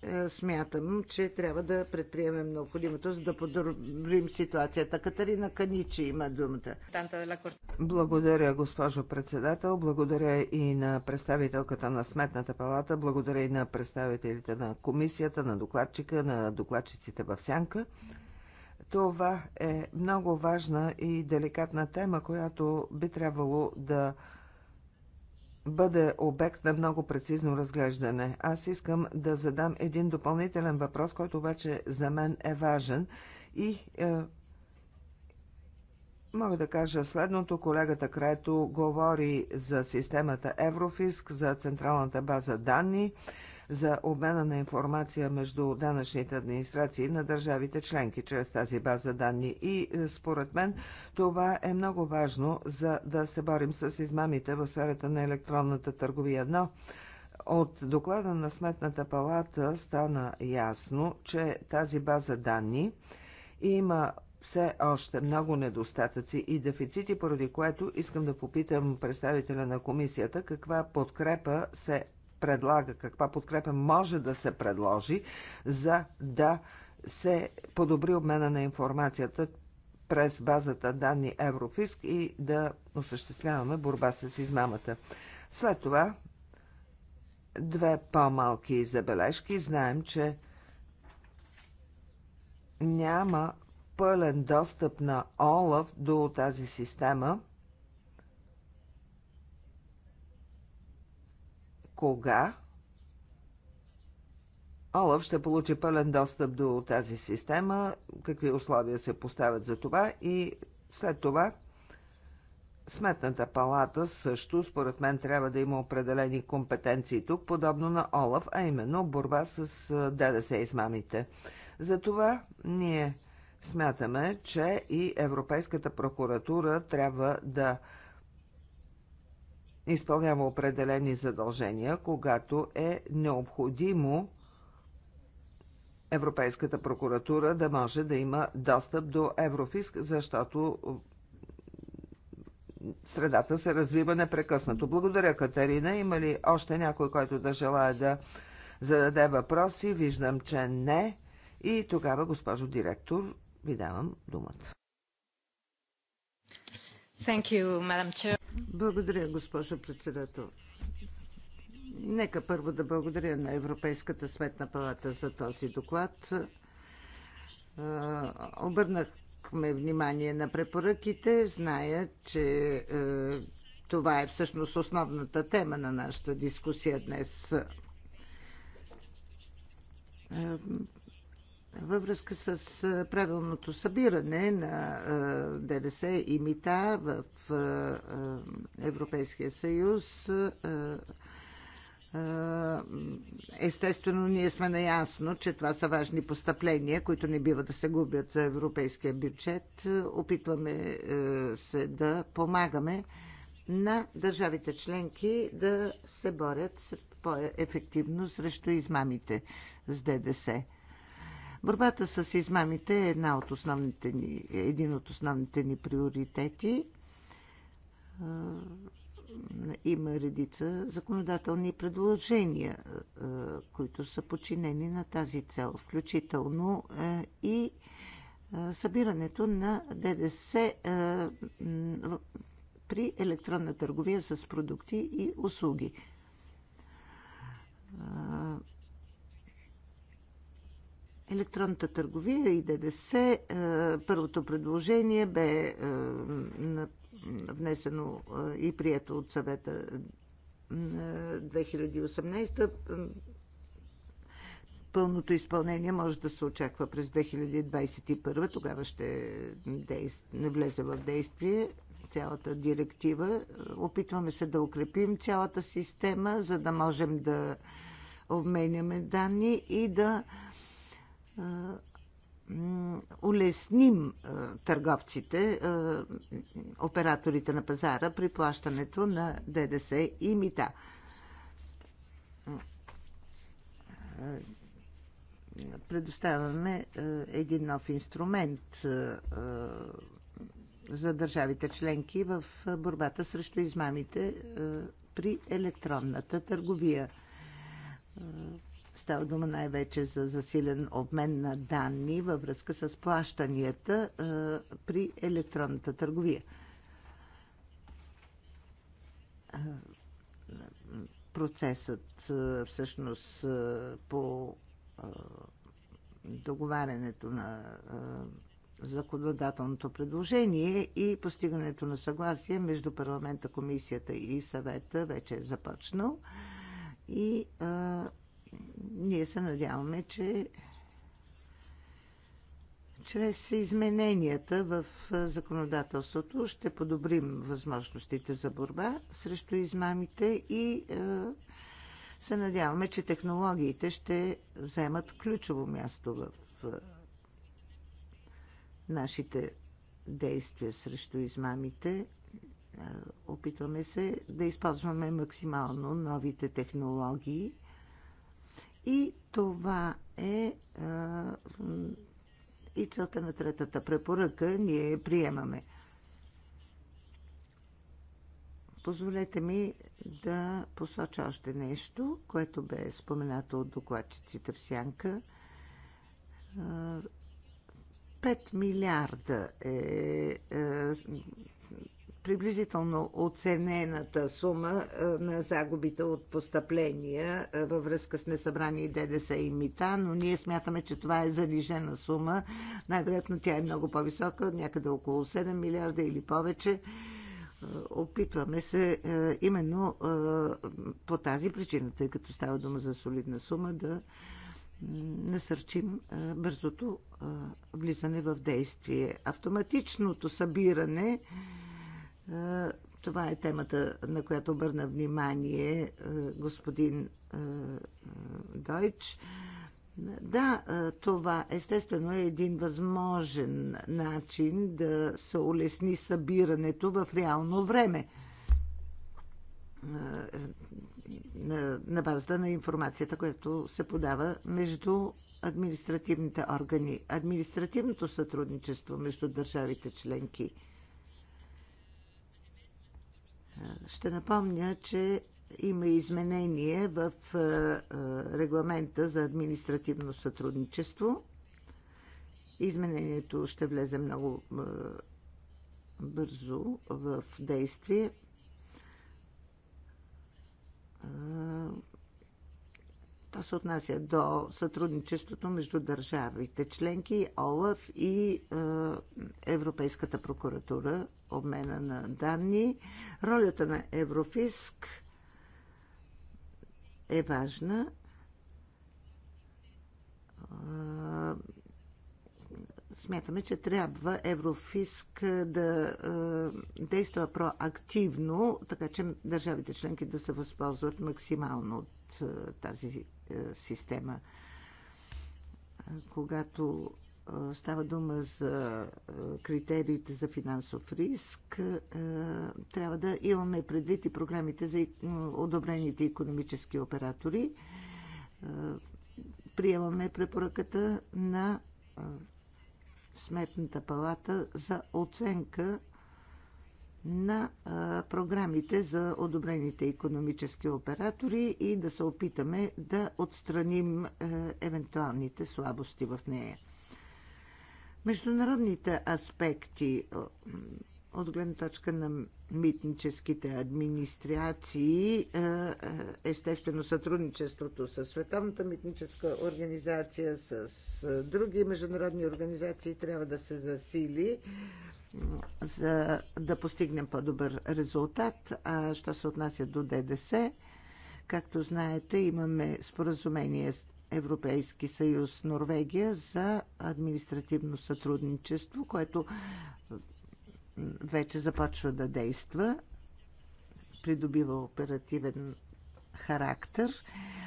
е, смятам, че трябва да предприемем необходимото, за да подобрим ситуацията. Катерина Каничи има думата. Благодаря, госпожо председател. Благодаря и на представителката на Сметната палата. Благодаря и на представителите на комисията, на докладчика, на докладчиците в Сянка. Това е много важна и деликатна тема, която би трябвало да бъде обект на много прецизно разглеждане. Аз искам да задам един допълнителен въпрос, който обаче за мен е важен и е, мога да кажа следното. Колегата Крето говори за системата Еврофиск, за централната база данни за обмена на информация между данъчните администрации на държавите членки чрез тази база данни. И е, според мен това е много важно, за да се борим с измамите в сферата на електронната търговия. Но от доклада на Сметната палата стана ясно, че тази база данни има все още много недостатъци и дефицити, поради което искам да попитам представителя на комисията каква подкрепа се предлага, каква подкрепа може да се предложи, за да се подобри обмена на информацията през базата данни Еврофиск и да осъществяваме борба с измамата. След това две по-малки забележки. Знаем, че няма пълен достъп на ОЛАВ до тази система – кога Олаф ще получи пълен достъп до тази система, какви условия се поставят за това и след това Сметната палата също, според мен, трябва да има определени компетенции тук, подобно на Олаф, а именно борба с ДДС измамите. Затова ние смятаме, че и Европейската прокуратура трябва да изпълнява определени задължения, когато е необходимо Европейската прокуратура да може да има достъп до Еврофиск, защото средата се развива непрекъснато. Благодаря, Катерина. Има ли още някой, който да желая да зададе въпроси? Виждам, че не. И тогава, госпожо директор, ви давам думата. Благодаря, госпожо председател. Нека първо да благодаря на Европейската сметна палата за този доклад. Обърнахме внимание на препоръките. Зная, че това е всъщност основната тема на нашата дискусия днес във връзка с правилното събиране на ДДС и мита в Европейския съюз. Естествено, ние сме наясно, че това са важни постъпления, които не бива да се губят за европейския бюджет. Опитваме се да помагаме на държавите членки да се борят по-ефективно срещу измамите с ДДС. Борбата с измамите е една от основните ни, е един от основните ни приоритети. Е, има редица законодателни предложения, е, които са подчинени на тази цел, включително и събирането на ДДС при електронна търговия с продукти и услуги електронната търговия и ДДС. Е, първото предложение бе е, внесено е, и прието от съвета 2018. Пълното изпълнение може да се очаква през 2021. Тогава ще не влезе в действие цялата директива. Опитваме се да укрепим цялата система, за да можем да обменяме данни и да улесним търговците, операторите на пазара при плащането на ДДС и мита. Предоставяме един нов инструмент за държавите членки в борбата срещу измамите при електронната търговия Става дума най-вече за засилен обмен на данни във връзка с плащанията при електронната търговия. Процесът всъщност по договарянето на законодателното предложение и постигането на съгласие между парламента, комисията и съвета вече е започнал. И а, ние се надяваме, че чрез измененията в законодателството ще подобрим възможностите за борба срещу измамите и се надяваме, че технологиите ще вземат ключово място в нашите действия срещу измамите. Опитваме се да използваме максимално новите технологии и това е а, е, и целта на третата препоръка. Ние приемаме. Позволете ми да посоча още нещо, което бе споменато от докладчиците в Сянка. 5 е, милиарда е, е приблизително оценената сума е, на загубите от постъпления е, във връзка с несъбрани ДДС и мита, но ние смятаме, че това е занижена сума. Най-вероятно тя е много по-висока, някъде около 7 милиарда или повече. Е, опитваме се именно по тази причина, тъй като става дума за солидна сума, да насърчим бързото влизане в действие. Автоматичното събиране това е темата, на която обърна внимание господин Дойч. Да, това естествено е един възможен начин да се улесни събирането в реално време на базата на информацията, която се подава между административните органи. Административното сътрудничество между държавите членки – ще напомня, че има изменение в регламента за административно сътрудничество. Изменението ще влезе много бързо в действие то се отнася до сътрудничеството между държавите членки, ОЛАФ и е, Европейската прокуратура, обмена на данни. Ролята на Еврофиск е важна е, смятаме, че трябва Еврофиск да е, действа проактивно, така че държавите членки да се възползват максимално от е, тази е, система. Когато е, става дума за е, критериите за финансов риск, е, трябва да имаме предвид и програмите за одобрените економически оператори. Е, приемаме препоръката на е, Сметната палата за оценка на а, програмите за одобрените економически оператори и да се опитаме да отстраним а, евентуалните слабости в нея. Международните аспекти от гледна точка на митническите администрации, е, е, естествено сътрудничеството с Световната митническа организация, с други международни организации трябва да се засили, за да постигнем по-добър резултат. А що се отнася до ДДС, както знаете, имаме споразумение с Европейски съюз Норвегия за административно сътрудничество, което вече започва да действа, придобива оперативен характер.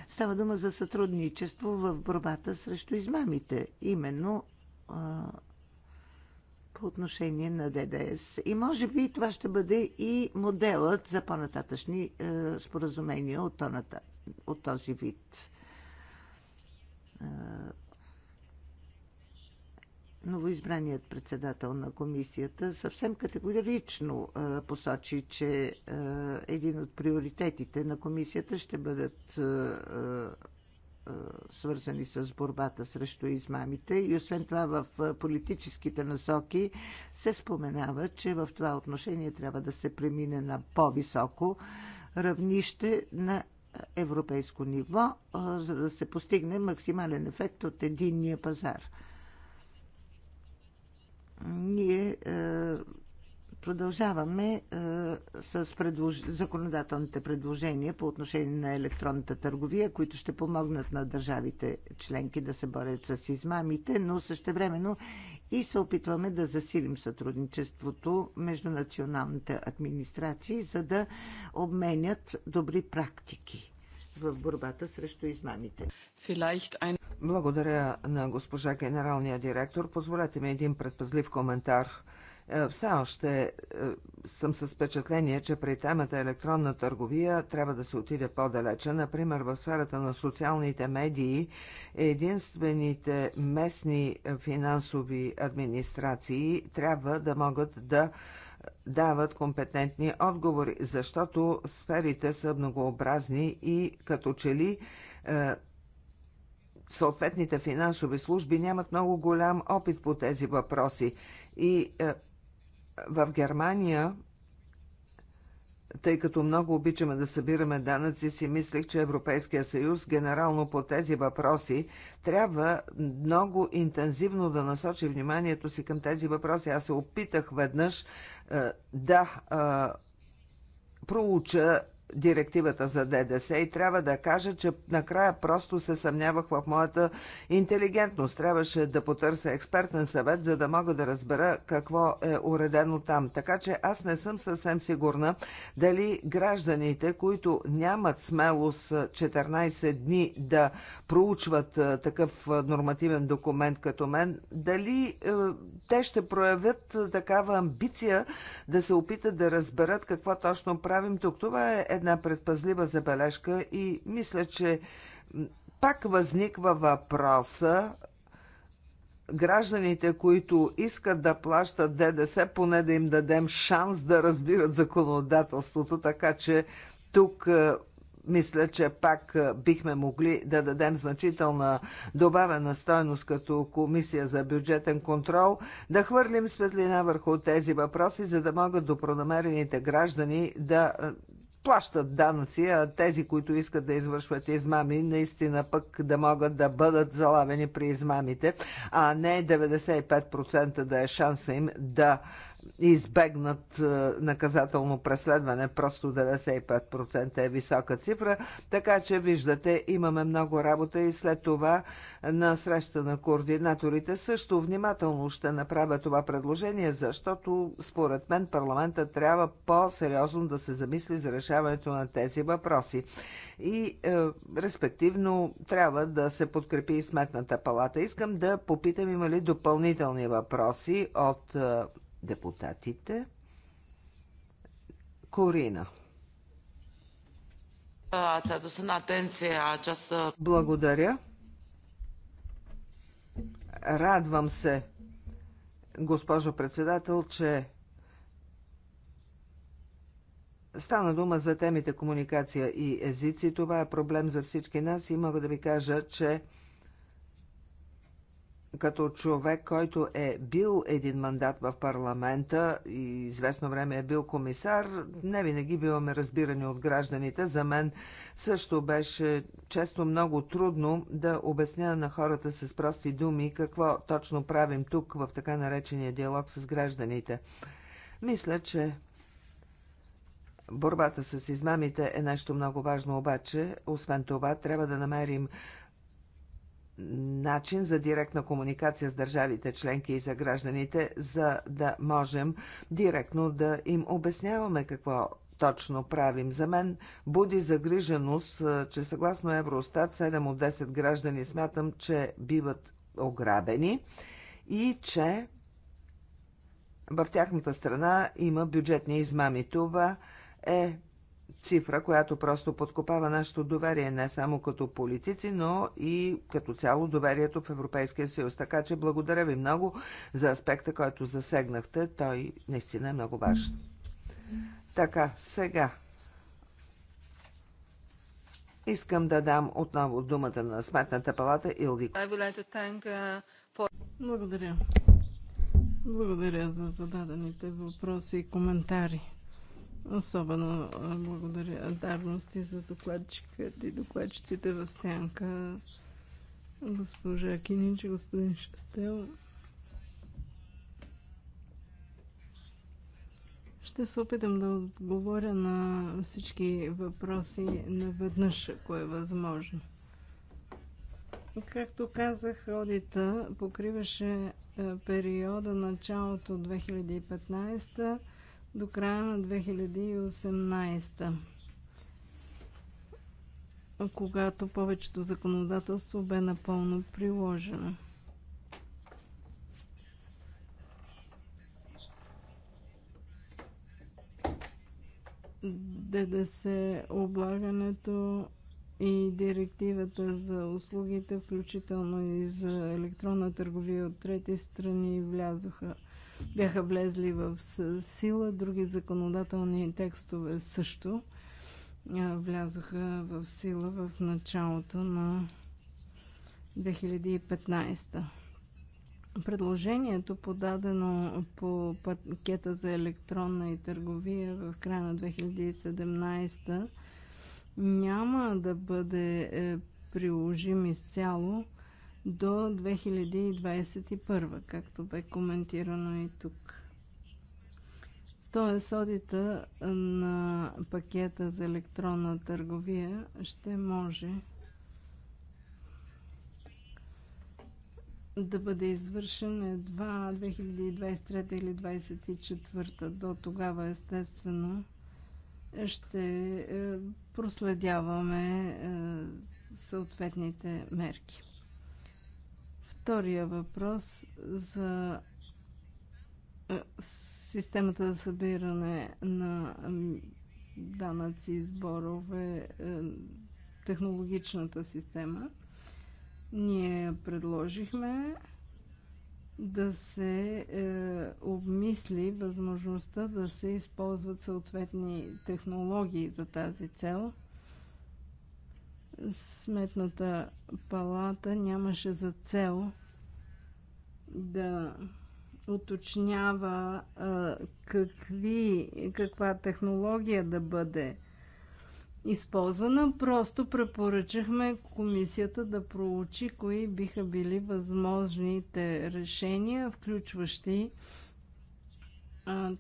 Става дума за сътрудничество в борбата срещу измамите, именно а, по отношение на ДДС. И може би това ще бъде и моделът за по-нататъчни а, е, споразумения от, тоната, от този вид. А, е, новоизбраният председател на комисията съвсем категорично посочи, че един от приоритетите на комисията ще бъдат свързани с борбата срещу измамите. И освен това в политическите насоки се споменава, че в това отношение трябва да се премине на по-високо равнище на европейско ниво, за да се постигне максимален ефект от единния пазар ние е, продължаваме е, с предлож... законодателните предложения по отношение на електронната търговия, които ще помогнат на държавите членки да се борят с измамите, но същевременно и се опитваме да засилим сътрудничеството между националните администрации, за да обменят добри практики в борбата срещу измамите. Благодаря на госпожа генералния директор. Позволете ми един предпазлив коментар. Е, все още е, съм с впечатление, че при темата електронна търговия трябва да се отиде по-далече. Например, в сферата на социалните медии единствените местни финансови администрации трябва да могат да дават компетентни отговори, защото сферите са многообразни и като че ли е, съответните финансови служби нямат много голям опит по тези въпроси. И е, в Германия, тъй като много обичаме да събираме данъци, си мислех, че Европейския съюз генерално по тези въпроси трябва много интензивно да насочи вниманието си към тези въпроси. Аз се опитах веднъж е, да. Е, проуча директивата за ДДС и трябва да кажа, че накрая просто се съмнявах в моята интелигентност. Трябваше да потърся експертен съвет, за да мога да разбера какво е уредено там. Така че аз не съм съвсем сигурна дали гражданите, които нямат смелост 14 дни да проучват е, такъв е, нормативен документ като мен, дали е, те ще проявят такава амбиция да се опитат да разберат какво точно правим тук. Това е една предпазлива забележка и мисля, че пак възниква въпроса гражданите, които искат да плащат ДДС, поне да им дадем шанс да разбират законодателството, така че тук е, мисля, че пак е, бихме могли да дадем значителна добавена стойност като Комисия за бюджетен контрол, да хвърлим светлина върху тези въпроси, за да могат добронамерените граждани да е, плащат данъци, а тези, които искат да извършват измами, наистина пък да могат да бъдат залавени при измамите, а не 95% да е шанса им да избегнат е, наказателно преследване. Просто 95% е висока цифра. Така че, виждате, имаме много работа и след това на среща на координаторите също внимателно ще направя това предложение, защото според мен парламента трябва по-сериозно да се замисли за решаването на тези въпроси. И е, респективно трябва да се подкрепи и сметната палата. Искам да попитам има ли допълнителни въпроси от е, депутатите. Корина. Благодаря. Радвам се, госпожо председател, че стана дума за темите комуникация и езици. Това е проблем за всички нас и мога да ви кажа, че като човек, който е бил един мандат в парламента и известно време е бил комисар, не винаги биваме разбирани от гражданите. За мен също беше често много трудно да обясня на хората с прости думи какво точно правим тук в така наречения диалог с гражданите. Мисля, че борбата с измамите е нещо много важно, обаче, освен това, трябва да намерим начин за директна комуникация с държавите членки и за гражданите, за да можем директно да им обясняваме какво точно правим. За мен буди загриженост, че съгласно Евростат 7 от 10 граждани смятам, че биват ограбени и че в тяхната страна има бюджетни измами. Това е цифра, която просто подкопава нашето доверие не само като политици, но и като цяло доверието в Европейския съюз. Така че благодаря ви много за аспекта, който засегнахте. Той наистина е много важен. Така, сега Искам да дам отново думата на Сметната палата Илди. Uh, благодаря. Благодаря за зададените въпроси и коментари. Особено благодаря дарности за докладчиката и докладчиците в сянка госпожа Кинич и господин Шестел. Ще се опитам да отговоря на всички въпроси наведнъж, ако е възможно. Както казах, одита покриваше периода началото 2015 до края на 2018 когато повечето законодателство бе напълно приложено. ДДС облагането и директивата за услугите, включително и за електронна търговия от трети страни, влязоха бяха влезли в сила, други законодателни текстове също влязоха в сила в началото на 2015. Предложението, подадено по пакета за електронна и търговия в края на 2017, няма да бъде е, приложим изцяло до 2021, както бе коментирано и тук. Тоест, одита на пакета за електронна търговия ще може да бъде извършен едва 2023 или 2024. До тогава, естествено, ще е, проследяваме е, съответните мерки втория въпрос за е, системата за събиране на данъци и сборове, е, технологичната система. Ние предложихме да се е, обмисли възможността да се използват съответни технологии за тази цел – Сметната палата нямаше за цел да уточнява а, какви, каква технология да бъде използвана. Просто препоръчахме комисията да проучи кои биха били възможните решения, включващи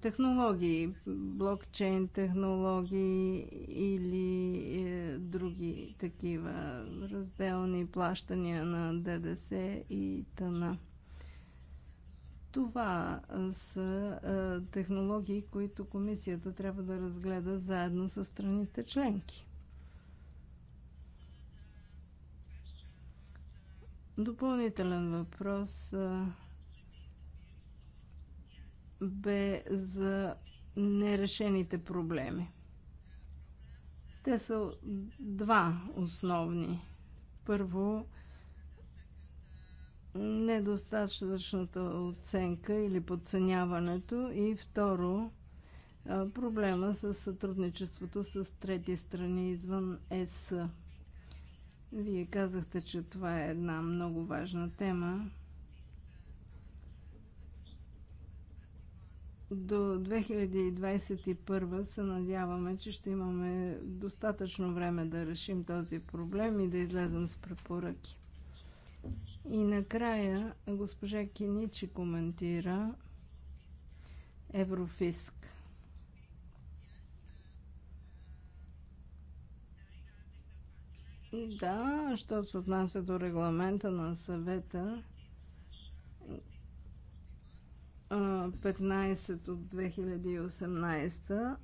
технологии, блокчейн технологии или е, други такива разделни плащания на ДДС и т.н. Това са е, технологии, които комисията трябва да разгледа заедно с страните членки. Допълнителен въпрос е, бе за нерешените проблеми. Те са два основни. Първо, недостатъчната оценка или подценяването и второ, проблема с сътрудничеството с трети страни извън ЕС. Вие казахте, че това е една много важна тема. до 2021 се надяваме, че ще имаме достатъчно време да решим този проблем и да излезем с препоръки. И накрая госпожа Киничи коментира Еврофиск. Да, що се отнася до регламента на съвета, 15 от 2018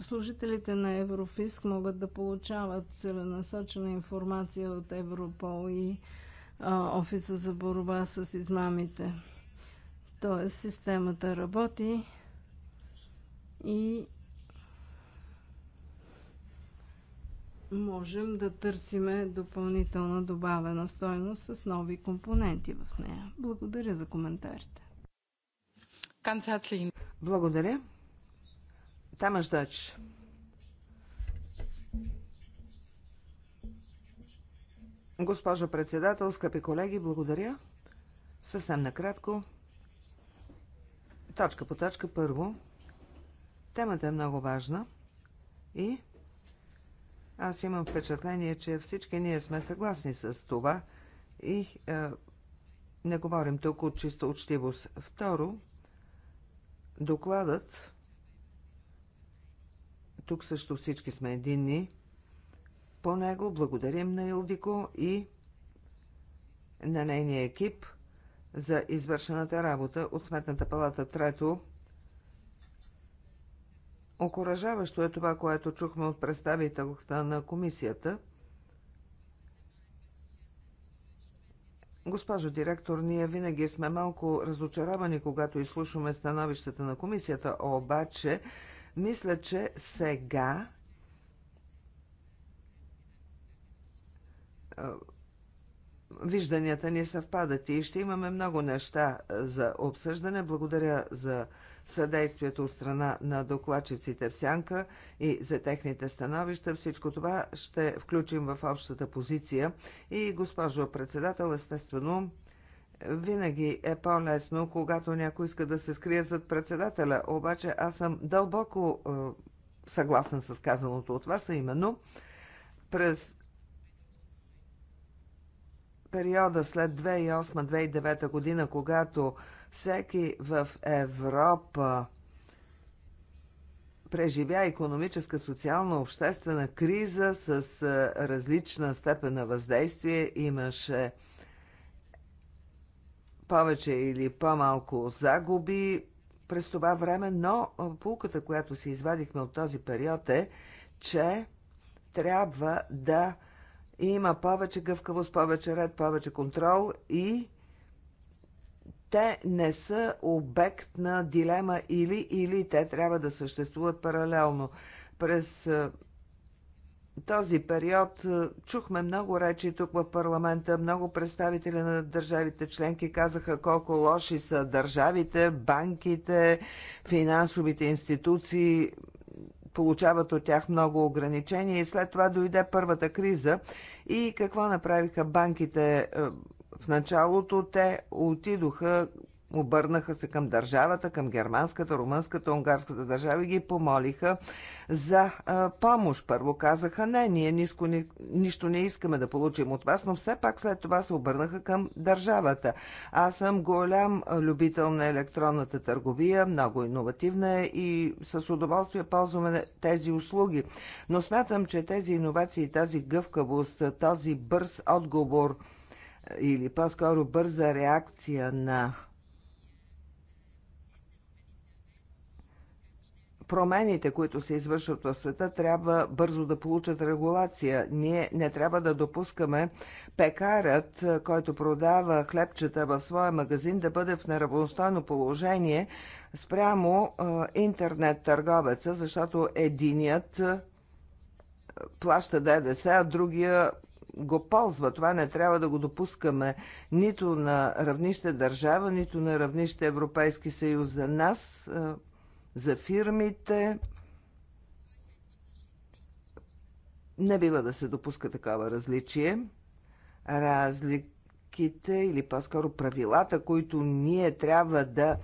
служителите на Еврофиск могат да получават целенасочена информация от Европол и Офиса за борба с измамите. Тоест системата работи и можем да търсиме допълнителна добавена стойност с нови компоненти в нея. Благодаря за коментарите. Благодаря. Тамаш Дойч. Госпожо председател, скъпи колеги, благодаря. Съвсем накратко. Точка по точка първо. Темата е много важна и аз имам впечатление, че всички ние сме съгласни с това и е, не говорим тук от чиста учтивост. Второ, докладът, тук също всички сме единни, по него благодарим на Илдико и на нейния екип за извършената работа от Сметната палата. Трето, Окоръжаващо е това, което чухме от представителката на комисията. Госпожо директор, ние винаги сме малко разочаровани, когато изслушваме становищата на комисията, обаче мисля, че сега вижданията ни съвпадат и ще имаме много неща за обсъждане. Благодаря за съдействието от страна на докладчиците в Сянка и за техните становища. Всичко това ще включим в общата позиция. И, госпожо председател, естествено, винаги е по-лесно, когато някой иска да се скрие зад председателя. Обаче аз съм дълбоко е, съгласен с казаното от вас, а именно през периода след 2008-2009 година, когато всеки в Европа преживя економическа, социална, обществена криза с различна степен на въздействие. Имаше повече или по-малко загуби през това време, но пулката, която си извадихме от този период е, че трябва да има повече гъвкавост, повече ред, повече контрол и те не са обект на дилема или или те трябва да съществуват паралелно. През е, този период е, чухме много речи тук в парламента, много представители на държавите членки казаха колко лоши са държавите, банките, финансовите институции, получават от тях много ограничения и след това дойде първата криза и какво направиха банките е, в началото те отидоха, обърнаха се към държавата, към германската, румънската, унгарската държава и ги помолиха за помощ. Първо казаха, не, ние ниско, ни, нищо не искаме да получим от вас, но все пак след това се обърнаха към държавата. Аз съм голям любител на електронната търговия, много иновативна е и с удоволствие ползваме тези услуги. Но смятам, че тези иновации, тази гъвкавост, този бърз отговор – или по-скоро бърза реакция на промените, които се извършват в света, трябва бързо да получат регулация. Ние не трябва да допускаме пекарът, който продава хлебчета в своя магазин, да бъде в неравностойно положение спрямо интернет търговеца, защото единият плаща ДДС, а другия го ползва. Това не трябва да го допускаме нито на равнище държава, нито на равнище Европейски съюз. За нас, за фирмите, не бива да се допуска такова различие. Разликите или по-скоро правилата, които ние трябва да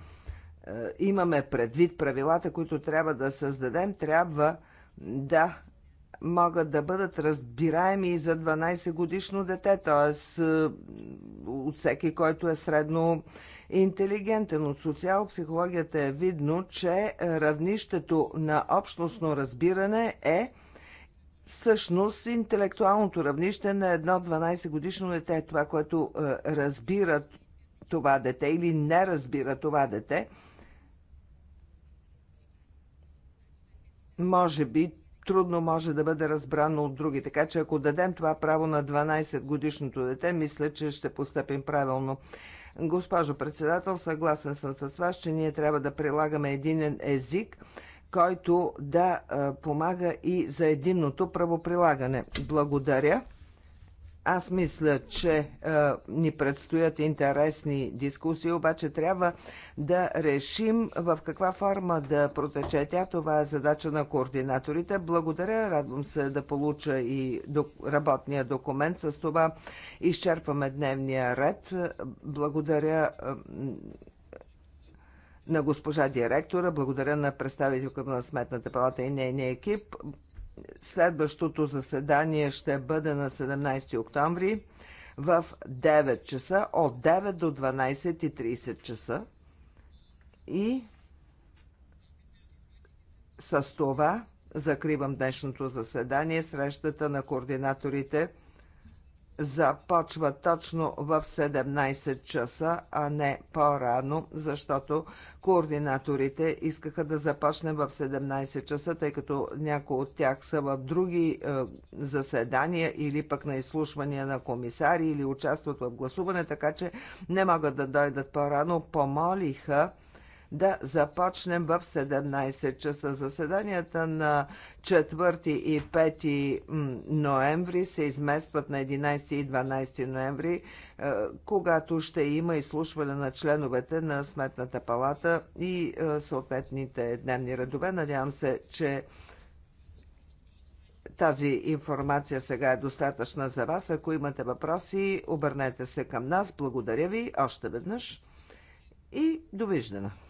имаме предвид, правилата, които трябва да създадем, трябва да могат да бъдат разбираеми и за 12 годишно дете, т.е. от всеки, който е средно интелигентен. От социал-психологията е видно, че равнището на общностно разбиране е всъщност интелектуалното равнище на едно 12 годишно дете, това, което е, разбира това дете или не разбира това дете, може би трудно може да бъде разбрано от други. Така че ако дадем това право на 12 годишното дете, мисля, че ще постъпим правилно. Госпожо председател, съгласен съм с вас, че ние трябва да прилагаме един език, който да помага и за единното правоприлагане. Благодаря. Аз мисля, че е, ни предстоят интересни дискусии, обаче трябва да решим в каква форма да протече тя. Това е задача на координаторите. Благодаря, радвам се да получа и работния документ. С това изчерпваме дневния ред. Благодаря на госпожа директора, благодаря на представителката на Сметната палата и нейния екип. Следващото заседание ще бъде на 17 октомври в 9 часа, от 9 до 12.30 часа. И с това закривам днешното заседание, срещата на координаторите – започва точно в 17 часа, а не по-рано, защото координаторите искаха да започне в 17 часа, тъй като някои от тях са в други е, заседания или пък на изслушвания на комисари или участват в гласуване, така че не могат да дойдат по-рано. Помолиха да започнем в 17 часа. Заседанията на 4 и 5 ноември се изместват на 11 и 12 ноември, е, когато ще има изслушване на членовете на Сметната палата и е, съответните дневни редове. Надявам се, че тази информация сега е достатъчна за вас. Ако имате въпроси, обърнете се към нас. Благодаря ви още веднъж и довиждане!